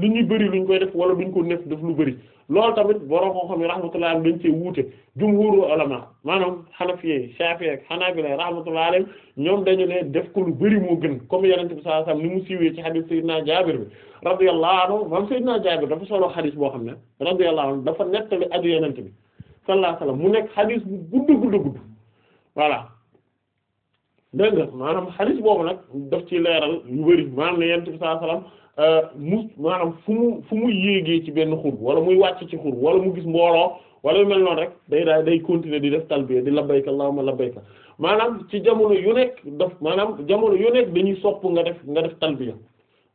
lu ñuy bëri lu ñu koy def wala duñ ko nekk def lu bëri loolu tamit borom koo xam ne rahmatullah am dañ cee wuute jumhuru ulama maanaam hanafiyye shafi'i ak hanabila rahmatullah alayhim ñoom dañu ne def ko lu bëri moo gën comme yonent bi sallallahu alayhi wasallam ni mu siiwee ci hadith sayyidina Jaabir bi radiyallahu anhu mam sayyidina Jaabir dafa solo hadith boo xam ne radiyallahu anhu dafa nettali aju yonent bi sallallahu alayhi wasallam mu nekk hadith bu gudd gudd gudd dégg maanaam xadis boobu nag daf ci leeral yu maa maanaam ne yent bi sallallahu alayhi wasallam euh, mu fu mu fu mu yéegee ci benn xur wala muy wàcc ci xur wala mu gis mbooloo wala yu mel noonu rek day daal day continuer di def talbiya di labbayka allahumma labbayka maanaam ci jamono yu nekk daf maanaam jamono yu nekk dañuy sopp nga def nga def talbiya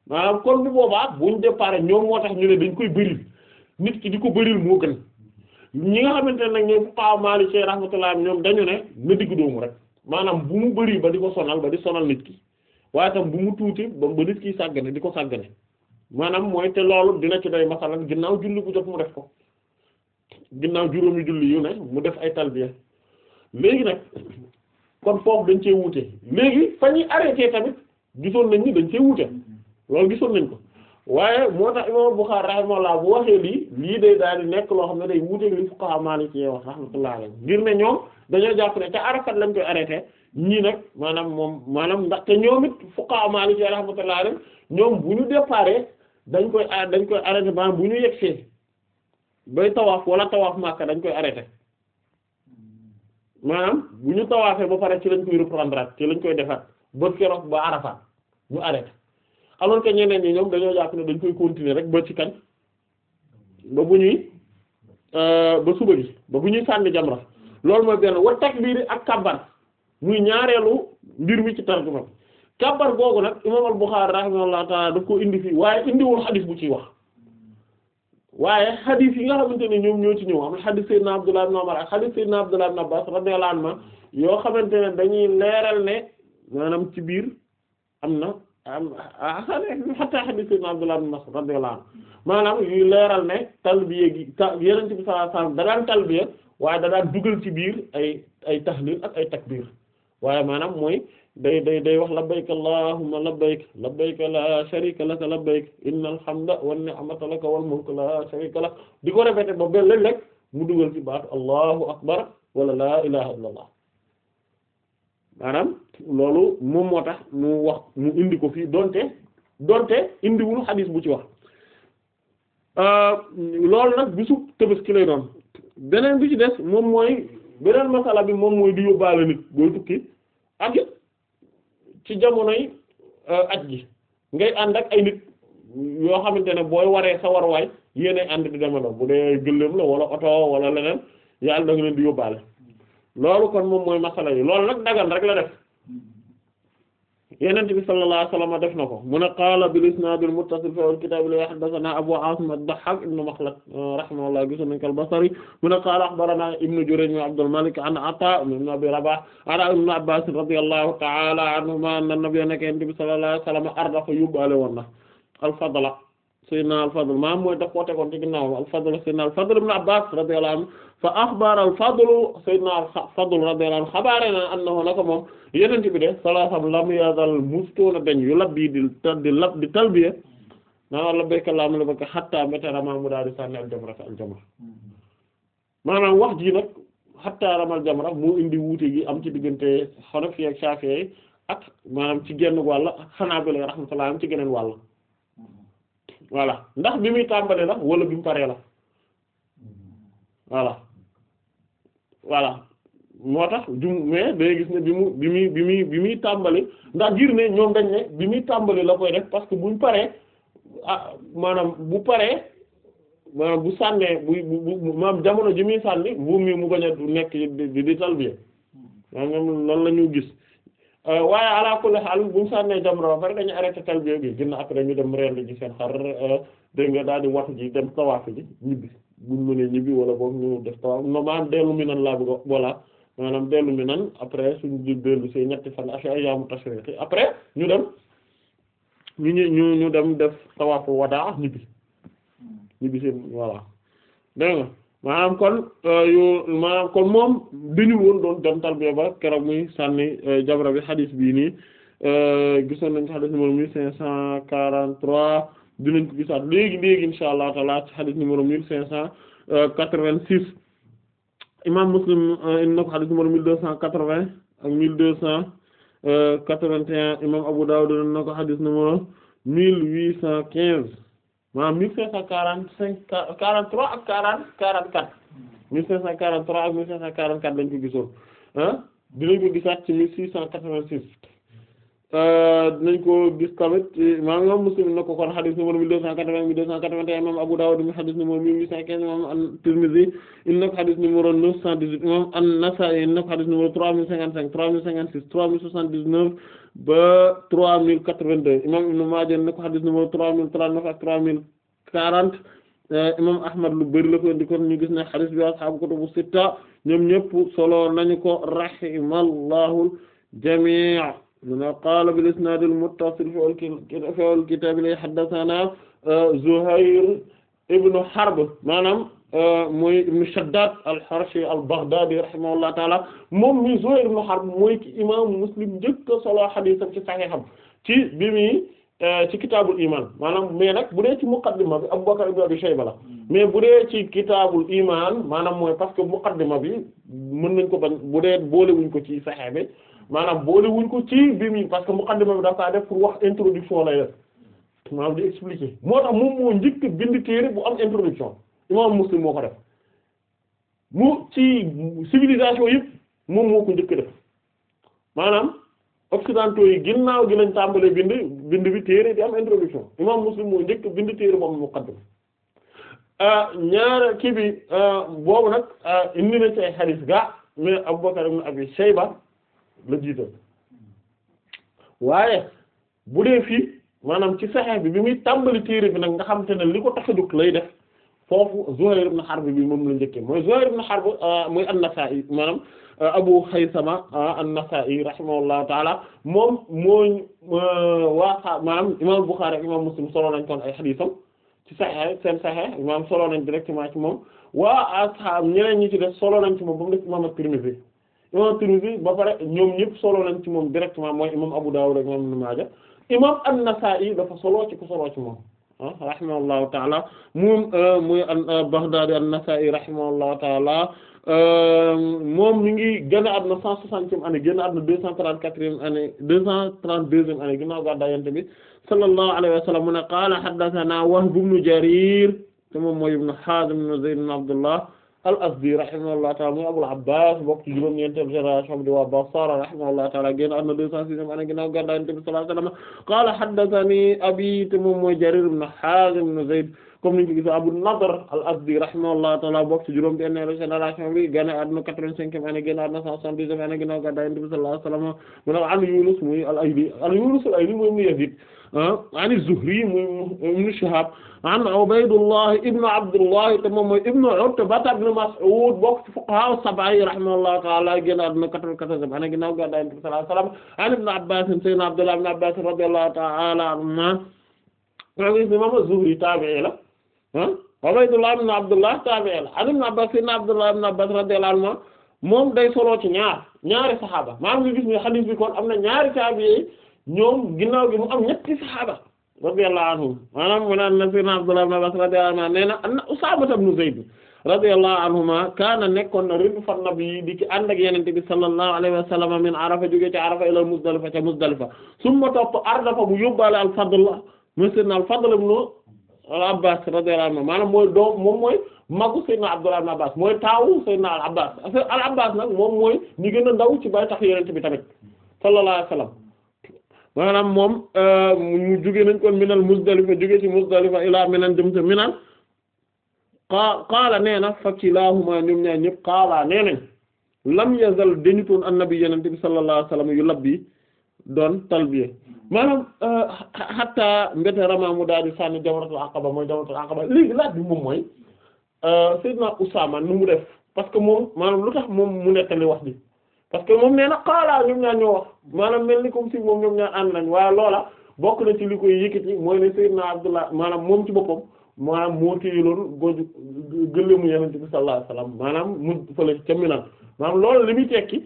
maanaam kon bu boobaa buñ départ ñoom moo tax ñu ne dañ koy bëril nit ki di ko bëril moo gën ñi nga xamante ne nag ñoom fuqahaa Maalik rahmatullah ñoom dañu ne na maanaam bu mu bëri ba di ko sonal ba di sonal nit ki waaye tam bu mu tuuti ba ba nit ki sàggane di ko sàggane maanaam mooy te loolu dina ci doy masalan ginnaaw julli bu jot mu def ko ginnaaw juróomi julli yu ne mu def ay talbiya léegi nag kon foofu dañ cee wuute léegi fa ñuy arrêté tamit gisoon nañ ni dañ cee wuute loolu gisoon nañ ko waaye moo tax xaar Bukhari rahimahullah bu waxee lii lii day daal di nekk loo xam ne day wuute li fuqaha maliki wax rahmatullah alayhi ngir ne ñoom dañoo jàpp ne te Arafat lañ koy arrêté ñii nag maanaam moom maanaam ndax te ñoom it fuqaha Maliki rahmatullahi alayhi ñoom bu ñu déparé dañ koy dañ koy arrêté maanaam bu ñu yegsee bay tawaaf wala tawaaf Makka dañ koy arrêté maanaam bu ñu tawaafee ba pare ci lañ koy reprendre ci lañ koy defaat ba keroog ba Arafat ñu arrêté alors que ñeneen ñi ñoom dañoo jàpp ne dañ koy continuer rek ba ci kan ba bu ñuy euh, ba suba gi ba bu ñuy sànni jamra loolu mooy benn wa takbiir ak kabbar muy ñaareelu mbir mi ci tarjuma bi kabbar googu nag imaam al-Bukhari rahimahullahu ta'ala daf koo indi fii waaye indiwul xadis bu ciy wax waaye xadis yi nga xamante ne ñoom ñoo ci ñëw am xadis Seydina Abdullah ibn Umar ak xadis Seydina xamante ne dañuy leeral maanaam ci biir am na ah maanaam yuy leeral ne talbiya gi ta Yonent bi sallallahu alayhi wasallam da daan waaye da daan dugal ci biir ay ay tahlil ak ay takbir waaye maanaam mooy day day day wax labbayk allahumma labbayk labbayk la sharika laka labbayk innal hamda wan ni'mata laka wal mulk la sharika lak di ko répété ba ben léeg-léeg mu dugal ci baatu allahu akbar wala laa ilaha illa allah loolu moom tax mu wax mu indi ko fii donte donte indiwul xadiis bu ci wax euh, loolu nag bisu Tabaski lay doon beneen bi ci des moom mooy beneen masala bi moom mooy di yóbbaale nit boo tukki ak it ci jamonoy euh, aj gi ngay ànd ak ay nit yoo xamante ne booy waree sa war waay yéene ànd di demandoo bu dee gëléem la wala oto wala leneen yàlla da leen di yóbbaale loolu kon moom mooy masala yi loolu nag dagan rek la def Yonent bi sallallahu alayhi wa sallam def na ko mu ne qaala bil isnaadil muttasil fil kitaab li haddathanaa Abu Aasim ad-Dahhaak ibn Makhlad rahimahullah gis nañ ko al-Basri mu ne qaala akhbaranaa Ibn Jurayj Abdul Malik an Ataa ibn Abi Rabaah an Ibn Abbaas radiyallahu ta'ala anhumaa anna Nabiyya Yonent bi sallallahu alayhi wa sallam ardafa yóbbaale woon na al-fadla sayyidina al-Fadl maam mooy daf koo tegoon ci ginnaaw al-Fadl sayyidina al-Fadl ibn Abbas radiyallahu anhu fa akhbara al-Fadl sayyidina al-Fadl radiyallahu anhu xabaarana annahu naka moom yonent bi de salaam lam yazal mustoona dañ yu labbi di di lab di talbiya maanaam labbayka allahumma labbayka hatta mbéta rama mu wax ji nag hatta indi wuute gi am ci diggante Hanafi ak Shafi'i ak maanaam ci genn wàll Hanabila rahmatullah am ci geneen wàll voilà ndax bi muy tàmbale la wala bi mu paree la voilà voilà moo tax jum mais day gis ne bi mu bi muy bi muy bi muy tàmbali ndax ngir ne ñoom dañ ne bi muy tàmbali la koy def parce que buñ paree ah maanaam bu paree maanaam bu sànnee bu bu maanaam jamono ji muy sànni mbuum mi mu bañ a nekk di di talbiya maanaam loolu la gis Euh, waaye ala kulli xaal bu ñu sànnee jamra ba pare dañu arrêté talbiya bi gën après ñu dem rend ji seen xar euh, dégg daal di watu ji dem tawaaf ji ñibbi buñ mënee ñibbi wala boog ñu def tawaaf no maanaam dellu mi nan laa bëgg voilà maanaam dellu mi nan après suñu di dellu see ñetti fan ak ayyaamu tashriq après ñu dem ñu ñu ñu dem def tawaafu wadaa ñibbi ñibbi seen voilà maanaam kon euh, yu maanaam moom dañu woon doon dem tarbiya ba keroog muy sànni euh, jabra bi xadis bii nii euh, gisoon nañ ko xadis numéro mille cinq cent quarante-trois dinañ ko gisaat léegi léegi insha allah taala ci xadis numéro mille cinq cent quatre-vingt-six imam Muslim in ko xadis numéro mille deux cent quatre-vingts ak mille deux cent quatre-vingt-un imam Abu Dawud in ko xadis numéro mille huit cent quinze maanaam mille cinq cent quarante cinq quarante trois ak quarante quarante quatre mille cinq cent quarante trois ak mille cinq cent quarante quatre lañ ko gisoon ah dinañ ko gisaat ci mille six cent quatre-vingt-six dinañ ko gis tamit imaam imaam Muslim na ko kon xadis numéro mille deux cent quatre-vingt mille deux cent quatre-vingt-un Abu Dawud mi xadis numéro mille huit cent quinze imaam At-Tirmidhi na ko xadis numéro neuf cent dix-huit imaam An-Nasa'i in xadis numéro trois mille cinquante-cinq trois mille cinquante dix neuf ba trois mille quatre-vingt-deux imaam Ibn xadis numéro trois mille trois mille quarante eh, imaam Ahmad lu bari la ko indi kon ñu gis ne xadis bi ashaabu kutubu sitta ñoom ñëpp solo nañu ko rahimallahu jami' muna qaala bil isnaad al muttasil fi al kitaab li haddathanaa euh, Zuhayr ibn Harb maanaam euh, mooy ibn Shaddad al-Harshi al moom mi Zuhayr ibn Muslim njëkk a solo hadiisam ci Sahiham ci bi mi euh, ci kitaabul iman maanaam mais nag bu dee ci muqaddima bi Abu Bakr ibn Abi Shayba la mais bu dee ci kitaabul iman maanaam mooy parce que muqaddima bi mën nañ ko bañ bu dee boolewuñ ko ci Sahih bi maanaam boole wuñ ko ci bi mi parce que muqaddima bi daf kaa def pour wax introduction lay def maanaam di expliquer moo tax moom moo njëkk bind téere bu am introduction imam muslim mu ci civilisation yëpp moom moo njëkk def maanaam yi ginnaaw gi lañ tàmbalee bind bind bi téere di am moo njëkk bind bu am muqaddima euh, ñaar kii bi euh, boobu nag euh, indi na ci ga mais Abubakar ibn Abi Shayba la jiital waaye bu dee fii maanaam ci Sahih bi bi muy tàmbali téere bi nag nga xam te ne li ko tax a jóg lay def foofu Zuhayr na Harb bi moom la njëkkee mooy Zuhayr ibn Harb euh, muy an-Nasa'i maanaam euh, Abu Khaysama euh, an-Nasa'i rahimahullahu ta'ala moom mooñ waasaa maanaam imam Bukhari ak imam Muslim solo nañ kon ay xadiisam ci Sahih seen Sahih maanaam solo nañ directement ci moom waa ashab ñeneen ñi ci def solo nañ ci moom ba mu def imam at-Tirmidhi imam Tirmidhi ba pare ñoom ñëpp solo nañ ci moom directement mooy imam Abu Dawud ak imam Ibn Maaja imam An-Nasa'i dafa solo ci ku solo ci moom ah rahimahullahu taala moom euh, muy euh, Baghdadi An-Nasa'i rahimahullahu taala euh, moom mi ngi gën a àdduna cent soixantième année gën a àdduna deux cent trente-quatrième année deux cent trente-deuxième année ginnaaw gàddaay Yonent bi sallallahu alayhi wa sallam mu ne qaala haddathana Wahb ibn Jarir te moom mooy ibn Hazim ibn Zayd ibn Abdullah al-Azdi rahimahullahu ta'ala muy Abul Abbas bokk ci juróom-ñeenteelu génération bi di waa Basra rahimahullahu ta'ala génn àdduna 206 ana ginnaaw gàddaay Yonent bi sallallahu alayhi wa sallam qaala haddathanii abii te moom mooy Jarir ibn Haazim ibn Zayd comme niñ ko gis Abu Nadr al-Azdi rahimahullahu ta'ala bokk ci juróom-benneelu génération bi génn àdduna 85e année génn àdduna 172e année ginnaaw gàddaay Yonent bi sallallahu alayhi wa sallam mu ne an Yunus muy al-Ayli al-Yunus al-Ayli mooy mu Yazid Ah, an az-Zuhri mu ibn Shihab an Ubaydullah ibn Abdullah te moom mooy ibn Utba ibn Mas'ud bokk ci fuqaha sab'a yi rahimahullahu ta'ala génn àdduna 94 ba ginnaaw gàddaay Yonent bi sallallahu alayhi wa sallam an Ibn Abbas sayyidina Abdullah ibn Abbas radiyallahu ta'ala anhuma imam az-Zuhri tabi'i la ah, Ubaydullah ibn Abdullah tabi'i la an Ibn Abbas sayyidina Abdullah ibn Abbas radiyallahu anhuma moom day solo ci ñaar ñaari saxaaba maanaam ñu gis ne xadiis bi kon am na ñaari tabi'i ñoom ginnaaw gi mu am ñetti saxaaba radiyallahu anhum maanaam mu naan na sirna Abdullah ibn Abbas radiyallahu anhu nee na anna Usaama ibn Zayd radiyallahu anhuma kaana na rindu fan nabi di ci ànd ak yenente bi sallallahu alayhi wa sallam min arafa jógee ci arafa ila muzdalifa ca muzdalifa summa topp ardafa bu yóbbaale al fadl mu sirna al fadl ibn al abbas radiyallahu anhu maanaam mooy doom moom mooy magu sayyidna Abdullah ibn Abbas mooy taawu sayyidna al abbas al abbas nag moom mooy ñi gën a ndaw ci bay tax yenente bi tamit sallallahu alayhi sallam maanaam moom euh, mu jóge nañ kon minal Muzdalifa jóge ci Muzdalifa ilaa Minan jëm ca Minan qaa qaala nee fa kilaahumaa ñoom ñaar ñëpp qaalaa nee nañ lam yazal dañutoon annabi yenente bi sallallahu alayhi wasallam yu labbi doon talbiya maanaam euh, hatta mbete rama daal di sànni jamratul aqaba mooy jamratul aqaba léegi laaj bi moom mooy euh, sayyidna Usaama nu mu def parce que moom maanaam lu tax moom mu nettali wax bi parce que moom nee na xaalaa ñoom ñaar ñoo wax maanaam mel ni comme si moom ñoom ñaar ànd nañ waaye loola bokk na ci koy yëkkati mooy ne Seydina Abdullah maanaam moom ci boppam maanaam moo téyeloon maanaam mu fële li muy tekki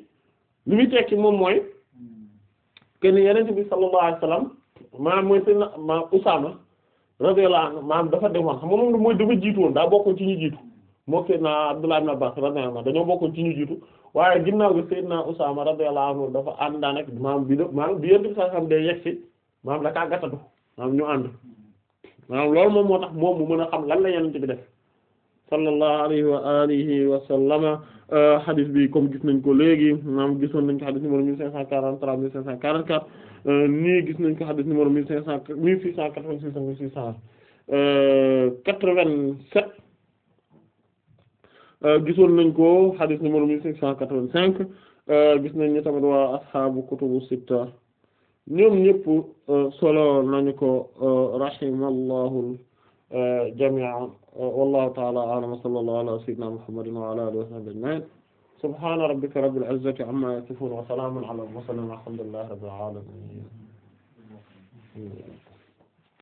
li muy tekki moom mooy kenn yenente bi sallallahu alayhi wasallam maanaam mooy Seydina maanaam dafa demoon xam nga moom mooy dafa jiitu woon daa bokkoon ci ñu jiitu moo Seydina Abdullah ibn Abbas radiyallahu anhu dañoo bokkoon ci ñu jiitu waaye ginnaaw bi Seydina Usaama radiyallahu anhu dafa àndaan ak maam bi maam bi yëpp sax xam day yegsi maam maam ñu ànd maanaam loolu moom moo tax moom mu mën a xam lan la yenente bi def sallallahu alayhi wa alihi wa sallama euh, bi comme gis nañ ko léegi maam gisoon nañ ko hadith numéro mille cinq cent quarante-trois mille cinq cent quarante-quatre euh, nii gis nañ ko hadith numéro mille cinq cent mille six cent quatre-vingt-six Euh, gisoon nañ ko hadith numéro mille cinq cent quatre-vingt-cinq euh, gis nañ ni tamit waa ashaabu kutubu sitta ñoom ñëpp euh, solo nañu ko rahimallahu jami'an wallahu ta'ala a'lam wa sallallahu ala sayyidina muhammadin wa ala alihi wa sahbihi ajma'in subhana rabbika rabbil izzati amma yasifun wa salamun ala al mursalin walhamdulillahi rabbil alamin